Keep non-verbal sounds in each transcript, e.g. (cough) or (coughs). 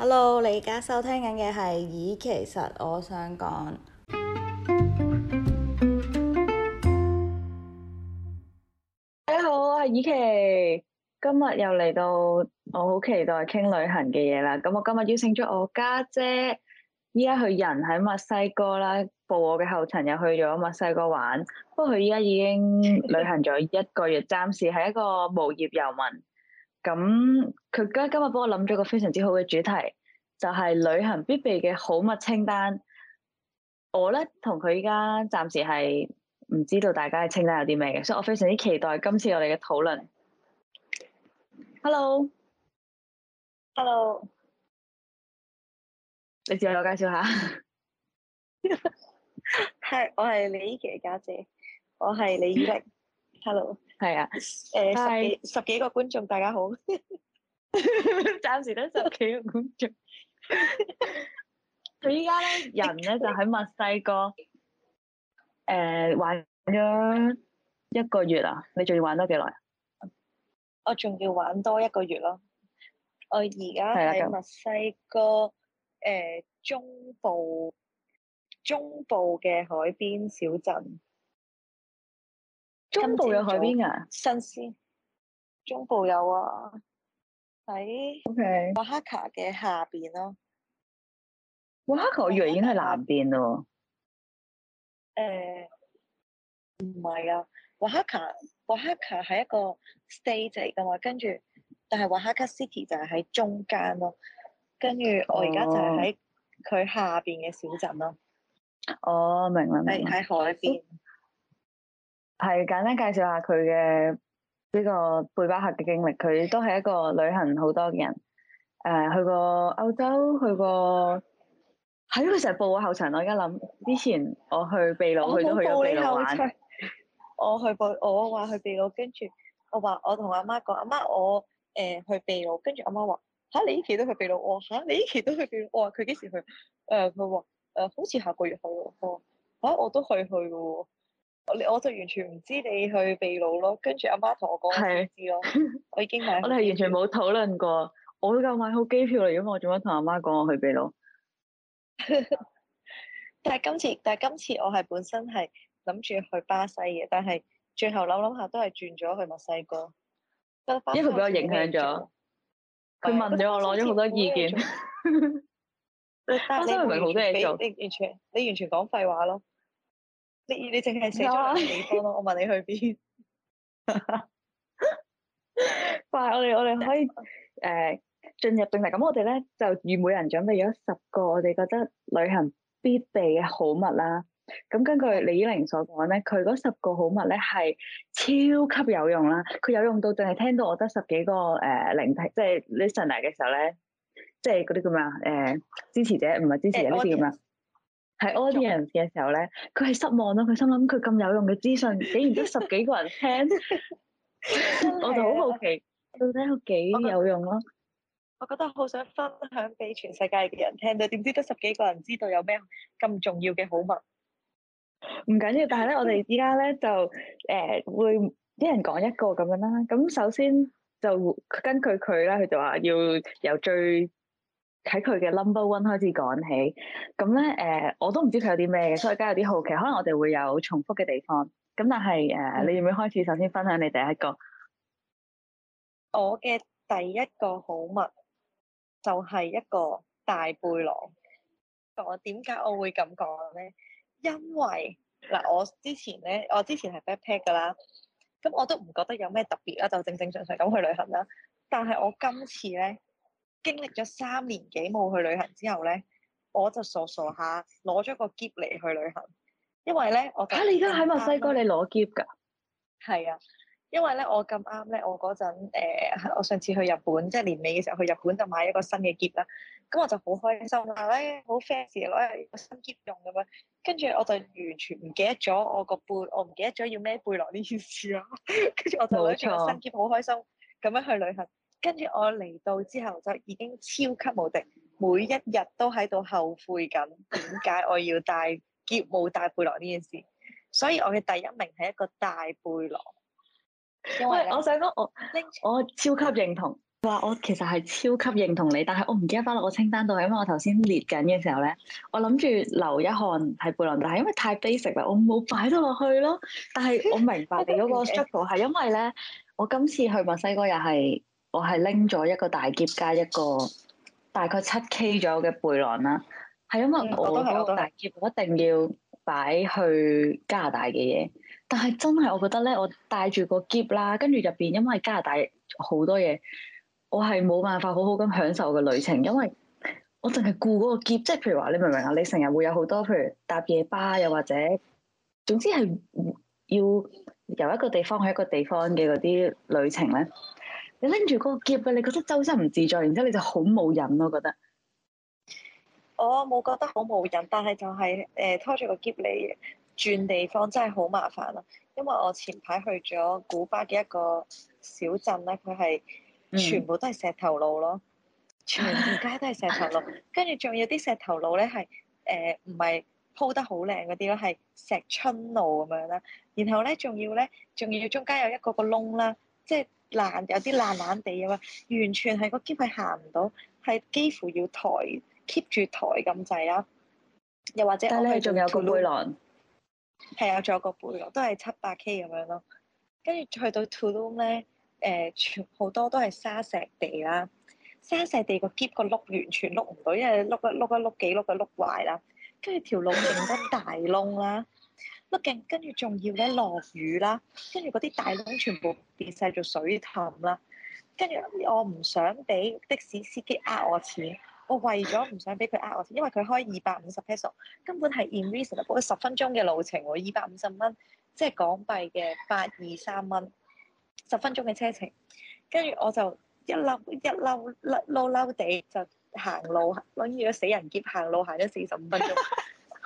Hello，你而家收聽緊嘅係綺其實我想講。大家，hey, 好，我係綺奇，今日又嚟到，我好期待傾旅行嘅嘢啦。咁我今日邀請咗我家姐，姐，依家佢人喺墨西哥啦，步我嘅後塵又去咗墨西哥玩。不過佢依家已經旅行咗一個月，暫 (laughs) 時係一個無業遊民。咁佢今今日幫我諗咗個非常之好嘅主題，就係、是、旅行必備嘅好物清單。我咧同佢依家暫時係唔知道大家嘅清單有啲咩嘅，所以我非常之期待今次我哋嘅討論。Hello，Hello，Hello. 你自我介紹下。係， (laughs) (laughs) 我係李以琪嘅家姐，我係李以玲。Hello。係啊，誒、呃、Hi. 十幾十幾個觀眾，大家好， (laughs) (laughs) 暫時得十幾個觀眾。佢依家咧，人咧呢你就喺墨西哥誒你、呃、玩咗一個月啊！你仲要玩多幾耐？我仲要玩多一個月咯。我而家喺墨西哥誒、呃、中部，中部嘅海邊小鎮。中部有海邊啊？新鮮。中部有啊，喺 O K 瓦哈卡嘅下邊咯、啊。瓦哈卡我以為已經喺南邊咯。誒、呃，唔係啊，瓦哈卡瓦哈卡係一個 state 嚟噶嘛，跟住但係瓦哈卡 city 就係喺中間咯、啊，跟住我而家就係喺佢下邊嘅小鎮咯、啊哦。哦，明啦。明，喺海邊。哦係簡單介紹下佢嘅呢個背包客嘅經歷，佢都係一個旅行好多嘅人，誒、呃、去過歐洲，去過，喺、哎、咯，佢成日報我後塵，我而家諗，之前我去秘魯，去咗去秘魯玩，嗯後，我去報，我話去秘魯，我我跟住我話我同阿媽講，阿媽我誒去秘魯，跟住阿媽話，吓，你呢期都去秘魯？我、哦、吓，你呢期都去秘魯？我話佢幾時去，誒佢話誒好似下個月去咯，吓、哦啊、我都去、啊、我都去嘅喎。啊我就完全唔知你去秘魯咯，媽媽跟住阿媽同我講先知咯。是 (laughs) 我已經買。我哋係完全冇討論過，我都夠買好機票嚟，如果我做乜同阿媽講我去秘魯？但係今次，但係今次我係本身係諗住去巴西嘅，但係最後諗諗下都係轉咗去墨西哥。西因為佢俾我影響咗，佢問咗我攞咗好多意見。你 (laughs) 巴西唔係好多嘢做，你完全你完全講廢話咯。你你淨係寫咗一啲地方咯， (laughs) 我問你去邊？快， (laughs) (laughs) 我哋我哋可以誒、呃、進入正題。咁我哋咧就每每人準備咗十個我哋覺得旅行必備嘅好物啦。咁根據李依玲所講咧，佢嗰十個好物咧係超級有用啦。佢有用到，淨係聽到我得十幾個誒聆聽，即、呃、係、就是、listener 嘅時候咧，即係嗰啲叫咩啊？誒、呃、支持者唔係支持者呢啲叫咩？欸喺 audience 人嘅時候咧，佢係失望咯。佢心諗佢咁有用嘅資訊，竟然得十幾個人聽，我就好好奇到底有幾有用咯。我覺得好想分享俾全世界嘅人聽到，點知得十幾個人知道有咩咁重要嘅好物？唔緊要，但係咧，我哋依家咧就誒會一人講一個咁樣啦。咁首先就根據佢咧，佢就話要由最。睇佢嘅 number one 開始講起，咁咧誒，我都唔知佢有啲咩嘅，所以而家有啲好奇，可能我哋會有重複嘅地方。咁但係誒，呃嗯、你要唔要開始首先分享你第一個？我嘅第一個好物就係一個大背囊。我點解我會咁講咧？因為嗱、呃，我之前咧，我之前係 backpack 噶啦，咁我都唔覺得有咩特別啦，就正正常常咁去旅行啦。但係我今次咧，經歷咗三年幾冇去旅行之後咧，我就傻傻下攞咗個喼嚟去旅行，因為咧我睇、啊、你而家喺墨西哥你攞喼噶？係啊，因為咧我咁啱咧，我嗰陣誒，我上次去日本，即、就、係、是、年尾嘅時候去日本就買一個新嘅喼啦，咁我就好開心啦，咧好 fancy 攞個新喼用咁樣，跟住我就完全唔記得咗我個背，我唔記得咗要孭背囊呢件事啊，跟 (laughs) 住我就攞住個新喼好開心咁樣去旅行。跟住我嚟到之後，就已經超級無敵，每一日都喺度後悔緊點解我要帶結舞帶背囊呢件事。所以我嘅第一名係一個大背囊。因為喂，我想講我 Link，我超級認同，話我其實係超級認同你，但係我唔記得擺落個清單度，因為我頭先列緊嘅時候咧，我諗住留一項係背囊大，但係因為太 basic 啦，我冇擺到落去咯。但係我明白你嗰個 struggle 係 (laughs) 因為咧，我今次去墨西哥又係。我係拎咗一個大箧加一個大概七 K 左右嘅背囊啦，係因為我個大箧我一定要擺去加拿大嘅嘢，但係真係我覺得咧，我帶住個箧啦，跟住入邊因為加拿大好多嘢，我係冇辦法好好咁享受個旅程，因為我淨係顧嗰個箧，即係譬如話，你明唔明啊？你成日會有好多譬如搭夜巴又或者，總之係要由一個地方去一個地方嘅嗰啲旅程咧。你拎住個篋嘅，你覺得周身唔自在，然之後你就好冇癮咯。我覺得我冇覺得好冇癮，但係就係、是、誒、呃、拖住個篋嚟轉地方真係好麻煩咯。因為我前排去咗古巴嘅一個小鎮咧，佢係、嗯、全部都係石頭路咯，全條街都係石頭路，跟住仲要啲石頭路咧係誒唔係鋪得好靚嗰啲咯，係石春路咁樣啦。然後咧仲要咧仲要中間有一個個窿啦，即係。爛有啲爛爛地啊嘛，完全係個喼係行唔到，係幾乎要抬 keep 住抬咁滯啦。又或者你我係。但係仲有個背囊。係啊，仲有個背囊，都係七百 k 咁樣咯。跟住去到 Tulum 咧，誒、啊呃、全好多都係沙石地啦、啊。沙石地個喼個碌完全碌唔到，因為碌一碌一碌幾碌就碌壞啦。跟住條路勁得大窿啦、啊。 (laughs) 畢竟跟住仲要咧落雨啦，跟住嗰啲大窿全部變晒做水潭啦。跟住我唔想俾的士司機呃我錢，我為咗唔想俾佢呃我錢，因為佢開二百五十 pesos 根本係 unreasonable 十分鐘嘅路程喎，二百五十蚊，即係港幣嘅八二三蚊，十分鐘嘅車程。跟住我就一嬲一嬲嬲嬲地就行路，攞住個死人喼行，行路，行咗四十五分鐘。 (laughs)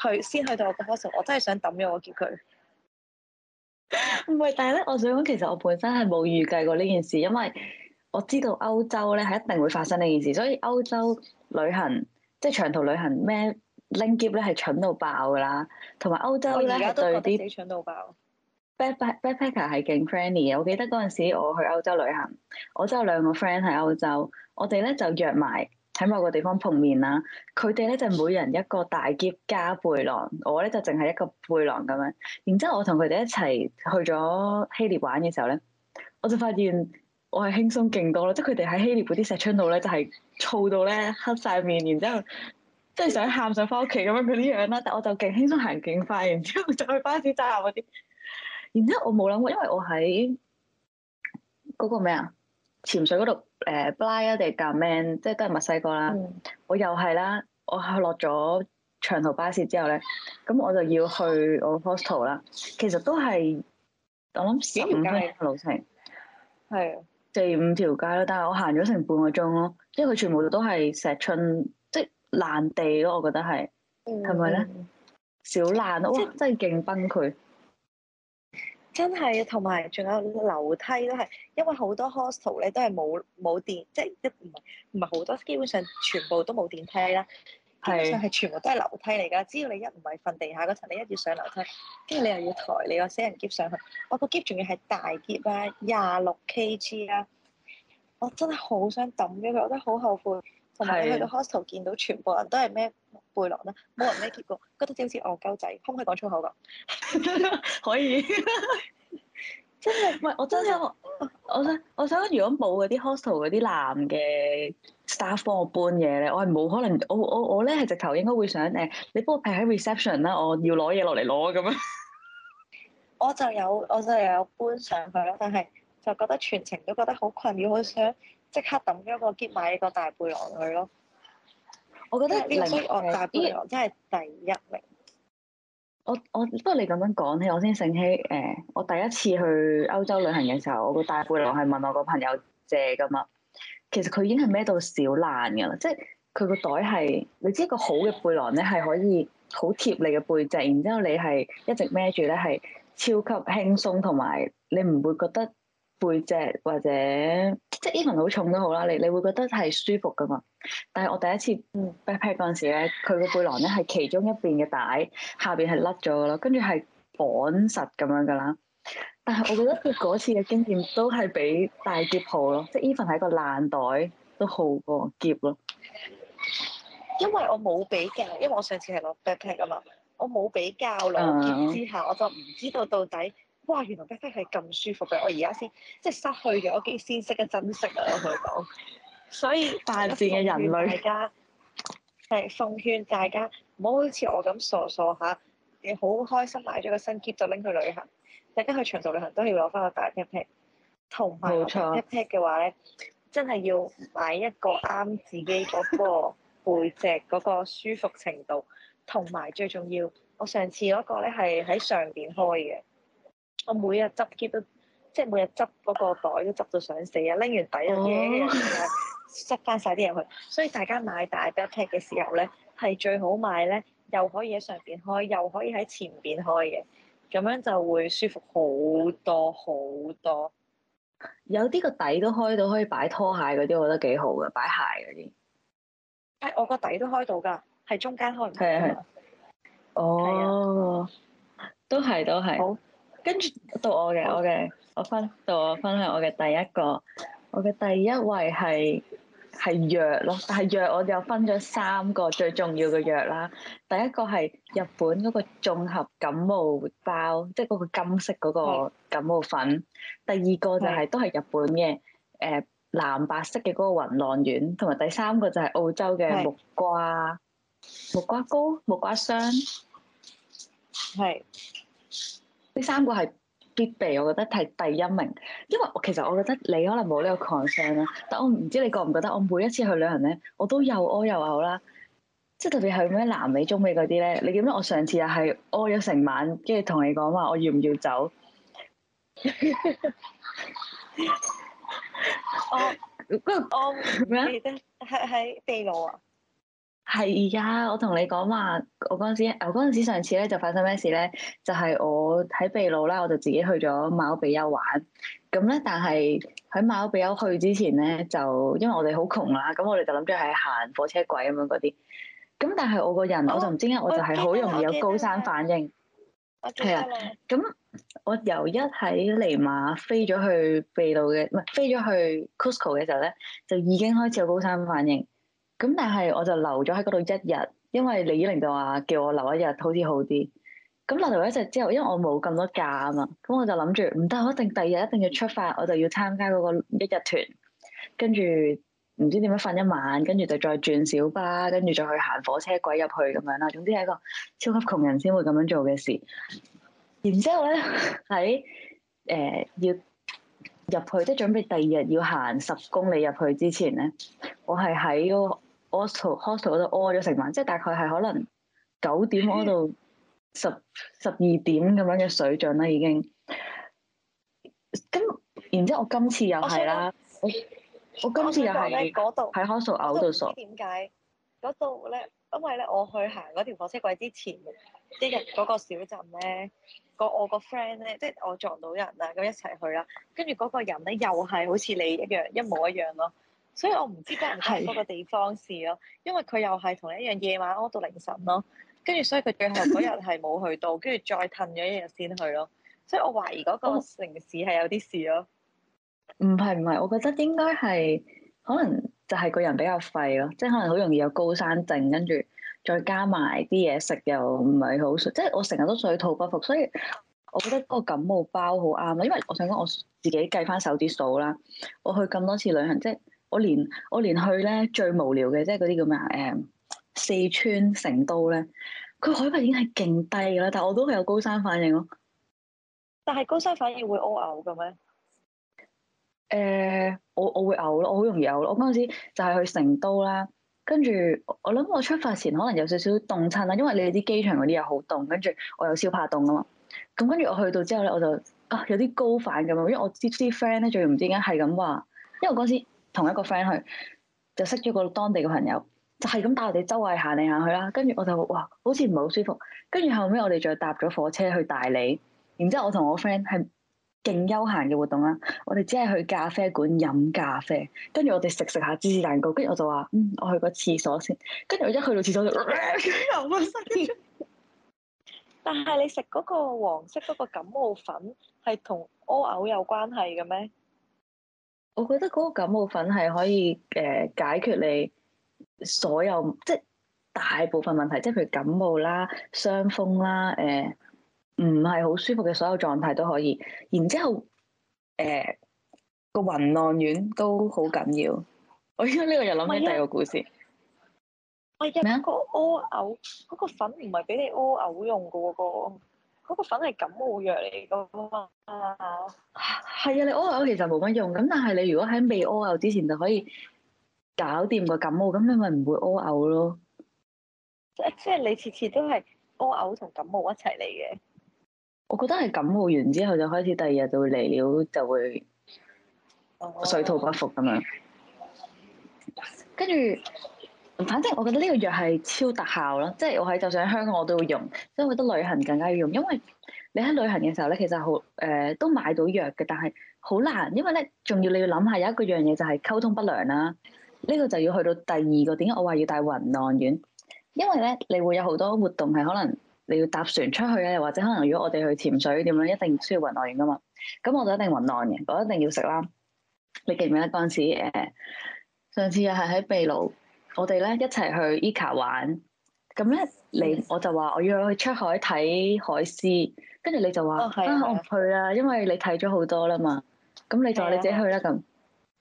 佢先去到我嗰刻時候，我真係想抌咗我個喼。唔係， (laughs) 但係咧，我想講，其實我本身係冇預計過呢件事，因為我知道歐洲咧係一定會發生呢件事，所以歐洲旅行即係長途旅行咩拎喼咧係蠢到爆㗎啦。同埋歐洲咧係對啲蠢到爆。Back back backpacker 係勁 friendly 嘅。我記得嗰陣時我去歐洲旅行，我真係兩個 friend 喺歐洲，我哋咧就約埋。喺某個地方碰面啦，佢哋咧就每人一個大篋加背囊，我咧就淨係一個背囊咁樣。然之後我同佢哋一齊去咗希臘玩嘅時候咧，我就發現我係輕鬆勁多咯，即係佢哋喺希臘嗰啲石春度咧就係燥到咧黑晒面，然之後即係想喊想翻屋企咁樣嗰啲樣啦。但我就勁輕鬆行勁快，然之後就去巴士站嗰啲。然之後我冇諗過，因為我喺嗰個咩啊？潛水嗰度，誒，Playa 啊定 Carmen，即係都係墨西哥啦、嗯。我又係啦，我落咗長途巴士之後咧，咁我就要去我 hostel 啦。其實都係，我諗十五分鐘路程，係啊、嗯，四、嗯、五條街咯。但係我行咗成半個鐘咯，因為佢全部都係石春，即係爛地咯。我覺得係，係咪咧？小爛啊！嗯、哇，真係勁崩潰。真係啊，同埋仲有樓梯都係，因為好多 hostel 咧都係冇冇電，即係一唔係唔係好多，基本上全部都冇電梯啦，是的 基本上係全部都係樓梯嚟㗎。只要你一唔係瞓地下嗰層，你一要上樓梯，跟住你又要抬你個死人篋上去，我、那個篋仲要係大篋啊，廿六 kg 啊，我真係好想抌咗佢，覺得好後悔。同埋你去到 hostel 見到全部人都係孭背囊啦，冇人孭貼過，覺得真係好似戇鳩仔，可唔可以講粗口講？ (laughs) 可以， (laughs) 真係唔係我真係 (laughs) 我想我想，如果冇嗰啲 hostel 嗰啲男嘅 staff 幫我搬嘢咧，我係冇可能，我我我咧係直頭應該會想誒，你幫我平喺 reception 啦，我要攞嘢落嚟攞咁樣。 (laughs) 我就有我就有搬上去啦，但係就覺得全程都覺得好困擾，好想。即刻抌咗結埋一個大背囊去咯，我覺得呢支樂大背囊真係第一名。我我不過你咁樣講起，我先醒起誒，我第一次去歐洲旅行嘅時候，我個大背囊係問我個朋友借噶嘛。其實佢已經係孭到少爛噶啦，即係佢個袋係你知一個好嘅背囊咧，係可以好貼你嘅背脊，然之後你係一直孭住咧係超級輕鬆，同埋你唔會覺得背脊或者即係 even 好重都好啦，你你會覺得係舒服噶嘛？但係我第一次 backpack 嗰陣時咧，佢個背囊咧係其中一邊嘅帶下邊係甩咗噶咯，跟住係綁實咁樣噶啦。但係我覺得佢嗰次嘅經驗都係比大篋好咯，即係 even 係一個爛袋都好過篋咯。因為我冇比較，因為我上次係攞 backpack 啊嘛，我冇比較兩夾之下，我就唔知道到底。哇！原來 backpack 係咁舒服嘅，我而家先即係失去咗，我先識得珍惜啊！我同你講，所以大戰嘅人類，大家係奉勸大家唔好好似我咁傻傻下。你好開心買咗個新 kit 就拎去旅行。大家去長途旅行都要攞翻個大 backpack 同埋，冇錯，backpack 嘅話咧，錯真係要買一個啱自己嗰個背脊嗰 (laughs) 個舒服程度，同埋最重要，我上次嗰個咧係喺上邊開嘅。我每日執啲都，即係每日執嗰個袋都執到想死啊！拎完底又嘢、oh，塞翻晒啲入去。所以大家買大 backpack 嘅時候咧，係最好買咧，又可以喺上邊開，又可以喺前邊開嘅，咁樣就會舒服好多好多，多。有啲個底都開到可以擺拖鞋嗰啲，我覺得幾好嘅，擺鞋嗰啲。誒、欸，我個底都開到㗎，係中間開唔開？係啊係。哦，都係都係。好。跟住到我嘅，我嘅，我分到我分享我嘅第一個，我嘅第一位係係藥咯，但係藥我就分咗三個最重要嘅藥啦。第一個係日本嗰個綜合感冒包，即係嗰個金色嗰個感冒粉。第二個就係都係日本嘅，誒藍白色嘅嗰個雲浪丸，同埋第三個就係澳洲嘅木瓜，木瓜膏、木瓜霜，係。呢三個係必備，我覺得係第一名，因為我其實我覺得你可能冇呢個 concern 啦，但係我唔知你覺唔覺得，我每一次去旅行咧，我都又屙又嘔啦，即係特別係咩南美、中美嗰啲咧，你記得我上次又係屙咗成晚，跟住同你講話，我要唔要走？屙，跟住屙咩啫？係喺地牢啊！係而家，我同你講話，我嗰陣時，我嗰陣時上次咧就發生咩事咧？就係、是、我喺秘魯啦，我就自己去咗馬歐比丘玩。咁咧，但係喺馬歐比丘去之前咧，就因為我哋好窮啦，咁我哋就諗住喺行火車軌咁樣嗰啲。咁但係我個人我我是是，我就唔知點解，我就係好容易有高山反應。係啊，咁我由的一喺尼馬飛咗去秘魯嘅，唔係飛咗去 Cusco 嘅時候咧，就已經開始有高山反應。咁但係我就留咗喺嗰度一日，因為李依玲就話叫我留一日，好似好啲。咁留咗一日之後，因為我冇咁多假啊嘛，咁我就諗住唔得，我一定第二日一定要出發，我就要參加嗰個一日團，跟住唔知點樣瞓一晚，跟住就再轉小巴，跟住再去行火車軌入去咁樣啦。總之係一個超級窮人先會咁樣做嘅事。然之後咧喺誒，要入去，即係準備第二日要行十公里入去之前咧，我係喺我坐 hostel 嗰度屙咗成晚，即係大概係可能九點屙到十十二點咁樣嘅水準啦已經。咁然之後我今次又係啦，我我，我今次又係喺喺 hostel 嘔到傻。點解？嗰度咧，因為咧，我去行嗰條火車軌之前，一日嗰個小鎮咧，嗰個我個 friend 咧，即係我撞到人啦，咁一齊去啦，跟住嗰個人咧又係好似你一樣，一模一樣咯。所以我唔知得唔係嗰個地方事咯，因為佢又係同你一樣夜晚屙到凌晨咯，跟住所以佢最後嗰日係冇去到，跟住再褪咗一日先去咯。所以我懷疑嗰個城市係有啲事咯。唔係唔係，我覺得應該係可能就係個人比較廢咯，即係可能好容易有高山症，跟住再加埋啲嘢食又唔係好，即係我成日都水土不服，所以我覺得嗰個感冒包好啱咯。因為我想講我自己計翻手指數啦，我去咁多次旅行即係。我連我連去咧最無聊嘅，即係嗰啲叫咩啊？誒，四川成都咧，佢海拔已經係勁低㗎啦，但係我都係有高山反應咯。但係高山反應會屙嘔咁樣？誒、呃，我我會嘔咯，我好容易嘔咯。我嗰陣時就係去成都啦，跟住我諗我出發前可能有少少凍親啦，因為你哋啲機場嗰啲又好凍，跟住我又超怕凍啊嘛。咁跟住我去到之後咧，我就啊有啲高反咁樣，因為我啲啲 friend 咧最唔知點解係咁話，因為嗰陣時。同一個 friend 去，就識咗個當地嘅朋友，就係咁帶我哋周圍行嚟行去啦。跟住我就哇，好似唔係好舒服。跟住後尾我哋再搭咗火車去大理，然之後我同我 friend 係勁悠閒嘅活動啦。我哋只係去咖啡館飲咖啡，跟住我哋食食下芝士蛋糕。跟住我就話：嗯，我去個廁所先。跟住我一去到廁所就流緊身。但係你食嗰個黃色嗰個感冒粉係同屙嘔有關係嘅咩？我覺得嗰個感冒粉係可以誒、呃、解決你所有即係大部分問題，即係譬如感冒啦、傷風啦、誒唔係好舒服嘅所有狀態都可以。然之後誒個暈浪丸都好緊要。我依家呢個又諗起第二個故事。係咩啊？啊麼個屙嘔嗰個粉唔係俾你屙嘔用噶喎，嗰個嗰個粉係感冒藥嚟㗎嘛，係啊，啊，你屙嘔其實冇乜用，咁但係你如果喺未屙嘔之前就可以搞掂個感冒，咁你咪唔會屙嘔咯。即即係你次次都係屙嘔同感冒一齊嚟嘅。我覺得係感冒完之後就開始第二日就會嚟了，就會水土不服咁樣，跟住。反正我覺得呢個藥係超特效咯，即係我喺就算喺香港我都會用，所以我覺得旅行更加要用，因為你喺旅行嘅時候咧，其實好誒、呃、都買到藥嘅，但係好難，因為咧仲要你要諗下有一個樣嘢就係溝通不良啦。呢、呢個就要去到第二個點解我話要帶暈浪丸，因為咧你會有好多活動係可能你要搭船出去啊，或者可能如果我哋去潛水點樣，一定需要暈浪丸噶嘛。咁我就一定暈浪嘅，我一定要食啦。你記唔記得嗰陣時上次又係喺秘魯。我哋咧一齊去 Eka 玩，咁咧你、嗯、我就話我要去出海睇海獅，跟住你就話我唔去啦，因為你睇咗好多啦嘛。咁你就話你自己去啦咁，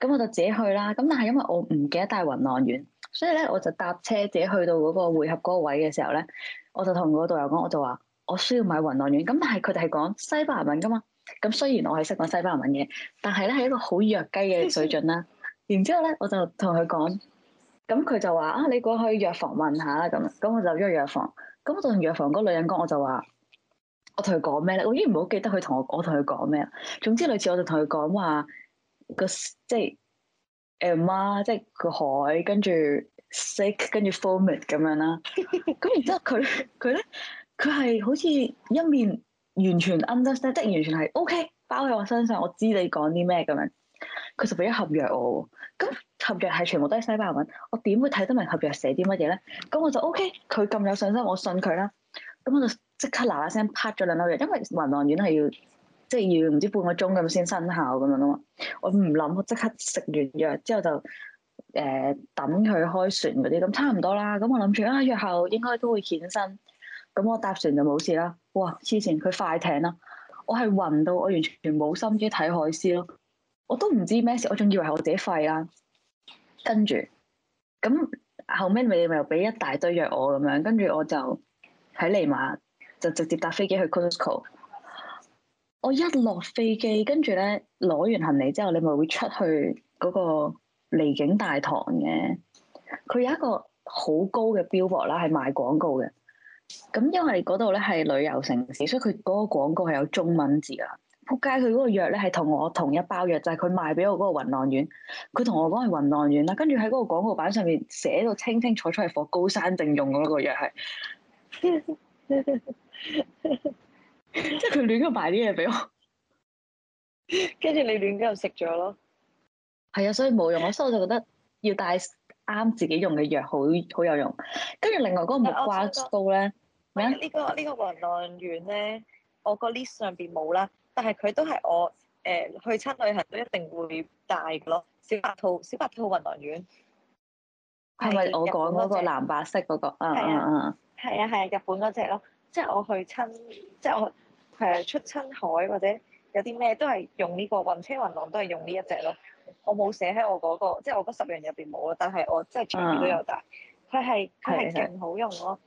咁、啊、我就自己去啦。咁但係因為我唔記得帶暈浪丸，所以咧我就搭車自己去到嗰個匯合嗰個位嘅時候咧，我就同個導遊講，我就話我需要買暈浪丸。咁但係佢哋係講西班牙文㗎嘛。咁雖然我係識講西班牙文嘅，但係咧係一個好弱雞嘅水準啦。 (laughs) 然之後咧我就同佢講。咁佢就話啊，你過去藥房問下啦，咁咁我就去咗藥房。咁我就同藥房嗰女人講，我就話我同佢講咩咧？我已經唔好記得佢同我，我同佢講咩啦。總之類似，我就同佢講話個即係 e m m 即係個海，跟住 sick，跟住 form it 咁樣啦。咁然之後佢佢咧佢係好似一面完全 understand，即係完全係 OK 包喺我身上，我知你講啲咩咁樣。佢就俾一盒藥我，咁合藥係全部都喺西班牙文，我點會睇得明合藥寫啲乜嘢咧？咁我就 O K，佢咁有信心，我信佢啦。咁我就即刻嗱嗱聲啪咗兩粒藥，因為暈浪丸係要即係要唔知半個鐘咁先生效咁樣啊嘛。我唔諗，我即刻食完藥之後就誒、呃、等佢開船嗰啲咁差唔多啦。咁我諗住啊，藥效應該都會顯身，咁我搭船就冇事啦。哇！之前佢快艇啦，我係暈到我完全冇心機睇海獅咯。我都唔知咩事，我仲以為係我自己廢啦。跟住，咁後尾你咪又俾一大堆約我咁樣，跟住我就喺利馬就直接搭飛機去 Cusco。我一落飛機，跟住咧攞完行李之後，你咪會出去嗰個離境大堂嘅。佢有一個好高嘅標榜啦，係賣廣告嘅。咁因為嗰度咧係旅遊城市，所以佢嗰個廣告係有中文字噶。仆街，佢嗰個藥咧係同我同一包藥，就係、是、佢賣俾我嗰個雲浪丸。佢同我講係雲浪丸啦，跟住喺嗰個廣告板上面寫到清清楚楚係防高山症用嗰個藥係， (laughs) 即係佢亂咁賣啲嘢俾我，跟住你亂又食咗咯。係啊， (laughs) 所以冇用，我所以我就覺得要帶啱自己用嘅藥，好好有用。跟住另外嗰個木瓜膏咧，呢、這個呢、這個雲浪丸咧，我個 list 上邊冇啦。但係佢都係我誒、呃、去親旅行都一定會帶嘅咯，小白兔，小白兔暈浪丸係咪我講嗰個藍白色嗰、那個？係啊係啊，啊，日本嗰隻咯，即係我去親，即係我誒出親海或者有啲咩都係用呢、這個暈車暈浪，都係用呢一隻咯。我冇寫喺我嗰、那個，即係我嗰十樣入邊冇咯。但係我即係隨處都有帶，佢係佢係勁好用咯。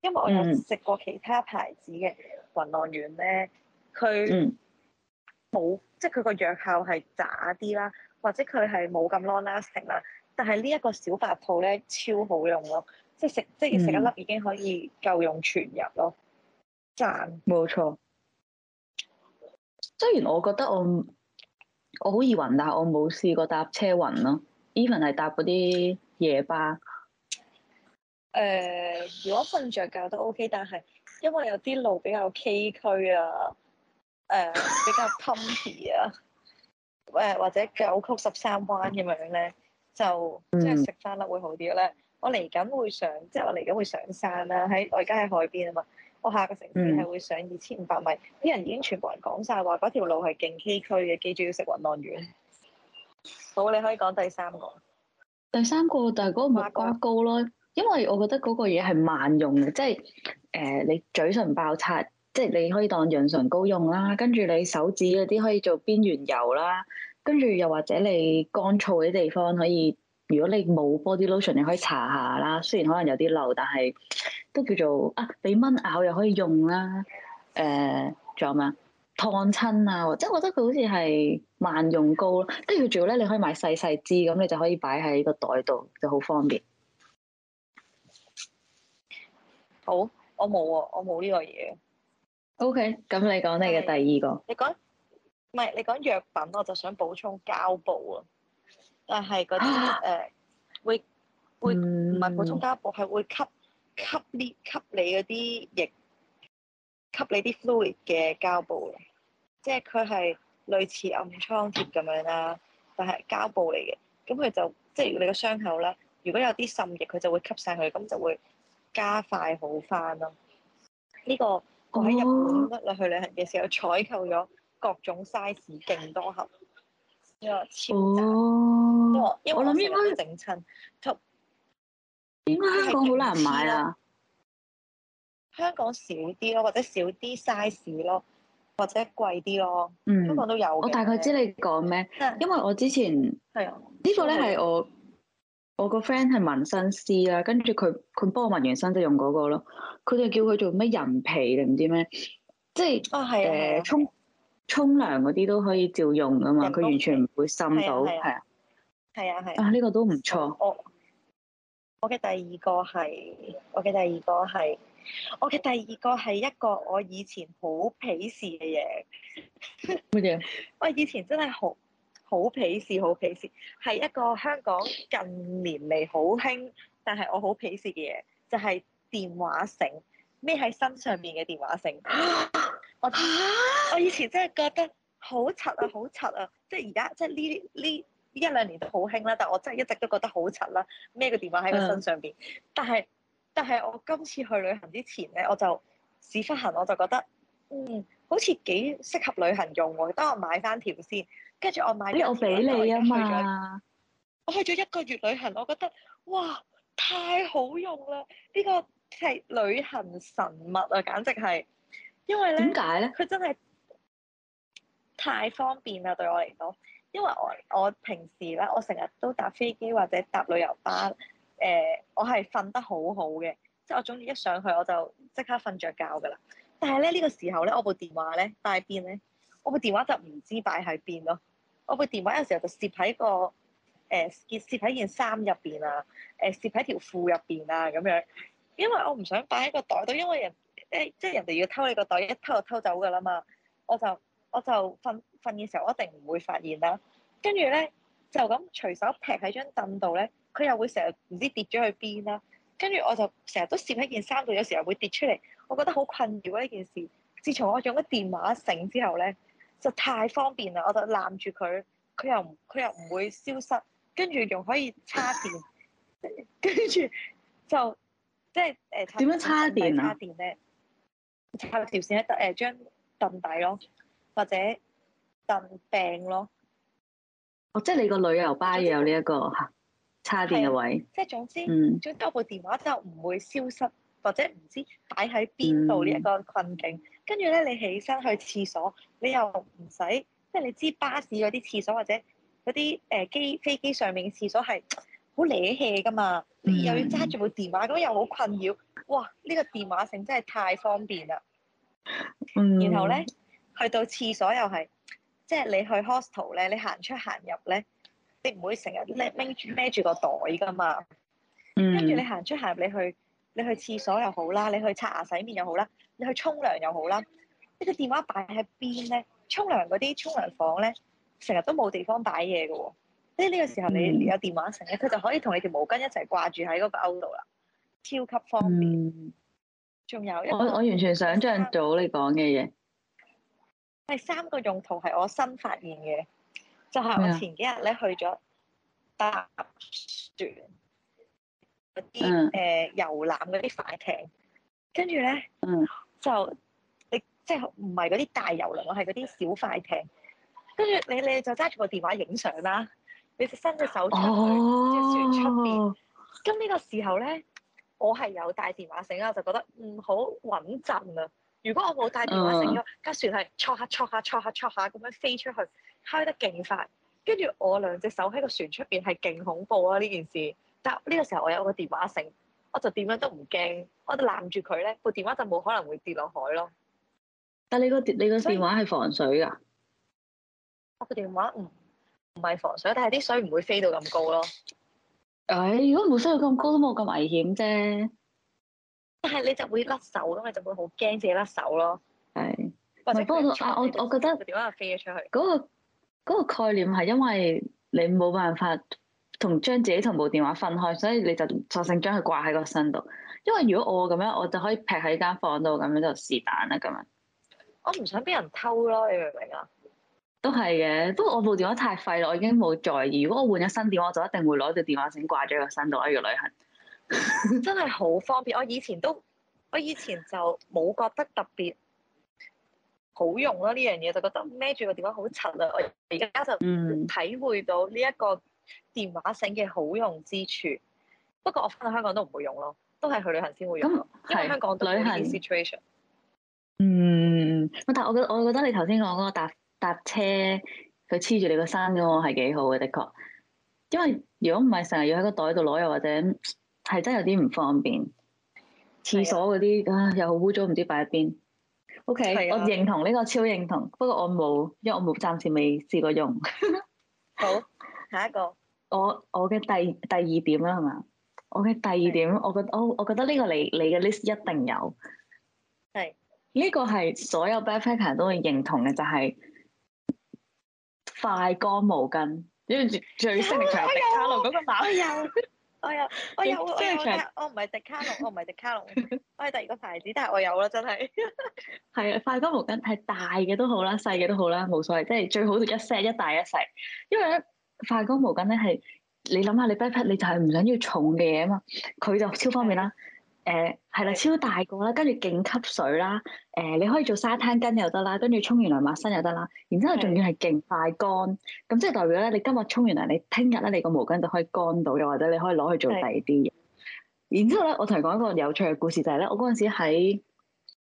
因為我有食過其他牌子嘅暈浪丸咧，佢。嗯冇，即係佢個藥效係渣啲啦，或者佢係冇咁 long-lasting 啦。但係呢一個小白兔咧超好用咯，即係食，即係食一粒已經可以夠用全日咯。讚，冇、嗯、錯。雖然我覺得我我好易暈，但係我冇試過搭車暈咯。Even 係搭嗰啲夜巴。誒、呃，如果瞓着覺都 OK，但係因為有啲路比較崎嶇啊。誒、呃，比較襟皮、um、啊，誒、呃、或者九曲十三彎咁樣咧，就、嗯、即係食翻粒會好啲咧。我嚟緊會上，即、就、係、是、我嚟緊會上山啦、啊。喺我而家喺海邊啊嘛，我下個城市係會上二千五百米，啲、嗯、人已經全部人講晒話嗰條路係勁崎嶇嘅，記住要食暈浪丸。好，你可以講第三個。第三個就係嗰個木瓜膏咯，因為我覺得嗰個嘢係萬用嘅，即係誒你嘴唇，唇爆拆。即係你可以當潤唇膏用啦，跟住你手指嗰啲可以做邊緣油啦，跟住又或者你乾燥嗰啲地方可以，如果你冇 body lotion，你可以搽下啦。雖然可能有啲漏，但係都叫做啊，俾蚊咬又可以用啦。誒、呃，仲有咩啊？燙親啊，或者我覺得佢好似係萬用膏咯。跟住仲有咧，你可以買細細支咁，你就可以擺喺個袋度就好方便。好，我冇喎，我冇呢個嘢。O K，咁你講你嘅第二個，你講唔係你講藥品，我就想補充膠布啊。但係嗰啲誒會會唔係普通膠布，係會吸吸，吸你吸你嗰啲液，吸你啲 fluid 嘅膠布咯。即係佢係類似暗瘡貼咁樣啦，但係膠布嚟嘅。咁佢就即係你個傷口咧，如果有啲滲液，佢就會吸晒佢，咁就會加快好翻咯。呢個。我喺日本落去旅行嘅時候採購咗各種 size，勁多盒，又超雜。我、哦、因為成日要整親，點解傷香港好難買啊？香港少啲咯，或者少啲 size 咯，或者貴啲咯。嗯，香港都有。嗯、我大概知你講咩，的因為我之前係啊，呢的個咧係我。我個 friend 係紋身師啦，跟住佢佢幫我紋完身就用嗰個咯，佢哋叫佢做咩人皮定唔知咩？即係啊係啊，沖沖涼嗰啲都可以照用噶嘛，佢完全唔會滲到，係啊，係啊，係啊，呢個都唔錯。我嘅第二個係，我嘅第二個係，我嘅第二個係一個我以前好鄙視嘅嘢。乜嘢麼？喂， (laughs) 以前真係好～好鄙視，好鄙視，係一個香港近年嚟好興，但係我好鄙視嘅嘢，就係電話繩孭喺身上邊嘅電話繩。話繩 (coughs) 我我以前真係覺得好柒啊，好柒啊！即係而家即係呢呢呢一,一兩年都好興啦，但係我真係一直都覺得好柒啦，孭個電話喺我身上邊，嗯。但係但係我今次去旅行之前咧，我就試出行，我就覺得嗯，好似幾適合旅行用喎。等我買翻條先。跟住我買啲，我俾你啊嘛我！我去咗一個月旅行，我覺得哇，太好用啦！呢個係旅行神物啊，簡直係。因為咧，點解咧？佢真係太方便啦！對我嚟講，因為我我平時咧，我成日都搭飛機或者搭旅遊巴，誒，我係瞓得好好嘅，即係我總之一上去我就即刻瞓着覺㗎啦。但係咧呢個時候咧，我部電話咧大邊咧？我部電話就唔知擺喺邊咯。我部電話有時候就攝喺個誒，攝攝喺件衫入邊啊，誒攝喺條褲入邊啊，咁樣。因為我唔想擺喺個袋度，因為人誒即係人哋要偷你個袋，一偷就偷走㗎啦嘛。我就我就瞓瞓嘅時候，我一定唔會發現啦。跟住咧就咁隨手擗喺張凳度咧，佢又會成日唔知跌咗去邊啦。跟住我就成日都攝喺件衫度，有時候會跌出嚟。我覺得好困擾呢件事。自從我用咗電話繩之後咧，就太方便啦！我就攬住佢，佢又佢又唔會消失，跟住仲可以插電，跟住 (laughs) 就即係誒點樣插電啊？插電咧，插條線咧，誒、呃、將凳底咯，或者凳柄咯。哦， (laughs) 即係你個旅遊巴要有呢一個插電嘅位。即係總之，將多部電話就唔會消失，或者唔知擺喺邊度呢一個困境。嗯。跟住咧，你起身去廁所，你又唔使，即係你知巴士嗰啲廁所或者嗰啲誒機飛機上面嘅廁所係好惹氣噶嘛，嗯、你又要揸住部電話，咁又好困擾。哇！呢個電話性真係太方便啦。嗯。然後咧，去到廁所又係，即係你去 hostel 咧，你行出行入咧，你唔會成日拎拎住孭住個袋噶嘛。嗯。跟住你行出行入你，你去你去廁所又好啦，你去刷牙洗面又好啦。去你去沖涼又好啦，呢個電話擺喺邊咧？沖涼嗰啲沖涼房咧，成日都冇地方擺嘢嘅喎。喺、這、呢個時候你有電話成日，佢、嗯、就可以同你條毛巾一齊掛住喺嗰個勾度啦，超級方便。仲、嗯、有一我我完全想像到你講嘅嘢。第三個用途係我新發現嘅，就係、是、我前幾日咧去咗搭船嗰啲誒遊覽嗰啲快艇，跟住咧。嗯。就你即係唔係嗰啲大遊輪，我係嗰啲小快艇。跟住你你就揸住個電話影相啦，你就伸隻手出去，即、oh。船出邊。咁呢個時候咧，我係有帶電話繩啦，我就覺得唔好穩陣啊。如果我冇帶電話繩嘅，架、oh。船係駝下駝下駝下駝下咁樣飛出去，開得勁快。跟住我兩隻手喺個船出邊係勁恐怖啊！呢件事，但呢個時候我有個電話繩。我就點樣都唔驚，我就攬住佢咧，部電話就冇可能會跌落海咯。但你個電你個電話係防水㗎？我個電話唔唔係防水，但係啲水唔會飛到咁高咯。唉，如果冇飛到咁高都冇咁危險啫。但係你就會甩手，咁你就會好驚自己甩手咯。係，或者幫我啊，我我覺得部電話飛咗出去嗰個嗰個概念係因為你冇辦法。同將自己同部電話分開，所以你就索性將佢掛喺個身度。因為如果我咁樣，我就可以劈喺間房度，咁樣就是但啦咁樣。咁樣我唔想俾人偷咯，你明唔明啊？都係嘅，不過我部電話太廢啦，我已經冇在意。如果我換咗新電話，我就一定會攞住電話線掛咗喺、呢個身度去旅行。 (laughs) 真係好方便，我以前都我以前就冇覺得特別好用咯呢樣嘢，就覺得孭住個電話好攤啊！我而家就唔體會到呢一個、嗯。電話繩嘅好用之處，不過我翻到香港都唔會用咯，都係去旅行先會用。嗯，因為香港都冇呢啲 situation。嗯，但係我覺，我覺得你頭先講嗰個搭搭車，佢黐住你個山咁，我係幾好嘅，的確。因為如果唔係成日要喺個袋度攞，又或者係真有啲唔方便。廁所嗰啲的啊，又好污糟，唔知擺喺邊。O、okay, K，的我認同呢、這個，超認同。不過我冇，因為我冇暫時未試過用。 (laughs) 好。下一個，我我嘅第第二點啦，係嘛？我嘅第，第二點，我覺我是我覺得呢、oh, 個你你嘅 list 一定有，係呢是個係所有 backpacker 都會認同嘅，就係、是、快乾毛巾。因為最最犀利就係迪卡龍嗰個，我有，我有，我有，我有，我唔係迪卡龍，我唔係迪卡龍，我係第二個牌子，但係我有啦，真係。係 (laughs) 快乾毛巾，係大嘅都好啦，細嘅都好啦，冇所謂。即係最好就一 set 一大一細，因為咧。快乾毛巾咧係，你諗下你 backpack 你就係唔想要重嘅嘢啊嘛，佢就超方便啦。誒係啦，超大個啦，跟住勁吸水啦。誒、呃、你可以做沙灘巾又得啦，跟住沖完涼抹身又得啦。然之後仲要係勁快乾，咁是的 即係代表咧，你今日沖完涼，你聽日咧你個毛巾就可以乾到，又或者你可以攞去做第二啲嘢。是的 然之後咧，我同你講一個有趣嘅故事，就係、是、咧，我嗰陣時喺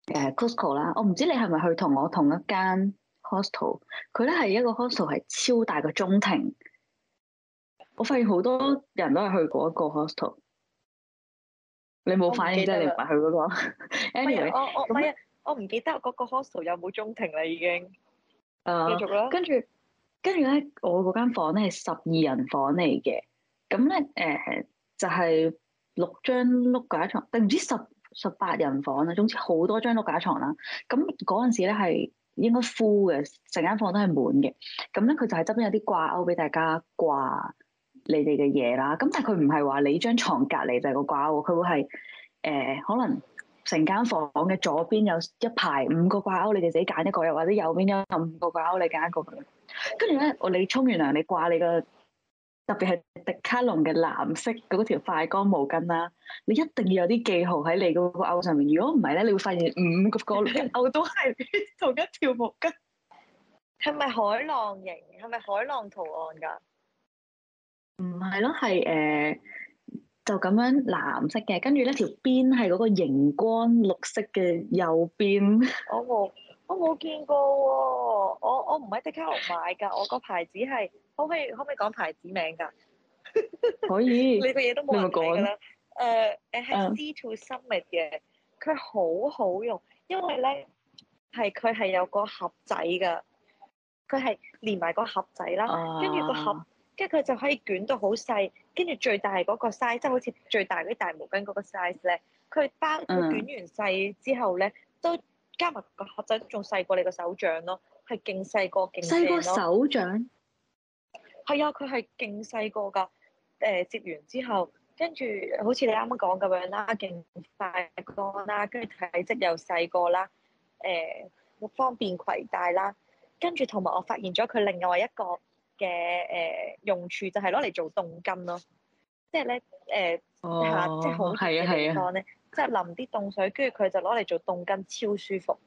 誒 Costco 啦，呃、ko, 我唔知你係咪去同我同一間 hostel，佢咧係一個 hostel 係超大嘅中庭。我發現好多人都係去過一個 hostel，你冇反應即係你唔係去嗰、那個。是 (laughs) Annie，我我唔係啊，我唔你記得嗰個 hostel 有冇中庭啦，已經。誒，uh, 繼續啦。跟住，跟住咧，我嗰間房咧係十二人房嚟嘅，咁咧誒就係、是、六張碌架床。定唔知十十八人房啊？總之好多張碌架床啦。咁嗰陣時咧係應該 full 嘅，成間房都係滿嘅。咁咧佢就係側邊有啲掛鈎俾大家掛你哋嘅嘢啦，咁但係佢唔係話你張床隔籬就係個掛鈎，佢會係誒、呃，可能成間房嘅左邊有一排五個掛鈎，你哋自己揀一個，又或者右邊有五個掛鈎，你揀一個咁樣。跟住咧，我你沖完涼，你掛你個，特別係迪卡儂嘅藍色嗰條快乾毛巾啦，你一定要有啲記號喺你嗰個鈎上面。如果唔係咧，你會發現五個個鈎都係同一條毛巾。係咪 (laughs) 海浪型？係咪海浪圖案噶？唔係咯，係誒、呃，就咁樣藍色嘅，跟住呢條邊係嗰個熒光綠色嘅右邊、哦。我冇，我冇見過喎、哦。我我唔係迪卡儂買噶，我個牌子，係可唔可以可唔可以講牌子名噶？ (laughs) 可以。 (laughs) 你個嘢都冇講啦。誒誒，係、uh, Sea to Summit 嘅，佢好好用，因為咧係佢係有個盒仔噶，佢係連埋個盒仔啦，跟住、uh、個盒。跟住佢就可以捲到好細，跟住最大嗰個 size，即係好似最大嗰啲大毛巾嗰個 size 咧。佢包佢捲完細之後咧，mm hmm. 都加埋個盒仔仲細過你個手掌咯，係勁細個勁細咯。細過手掌？係啊，佢係勁細個㗎。誒，折完之後，跟住好似你啱啱講咁樣啦，勁快乾啦，跟住體積又細個啦，誒、欸，好方便攜帶啦。跟住同埋我發現咗佢另外一個。嘅誒、呃、用處就係攞嚟做凍巾咯，即係咧誒即係好熱嘅地方咧，即係的淋啲凍水，跟住佢就攞嚟做凍巾，超舒服。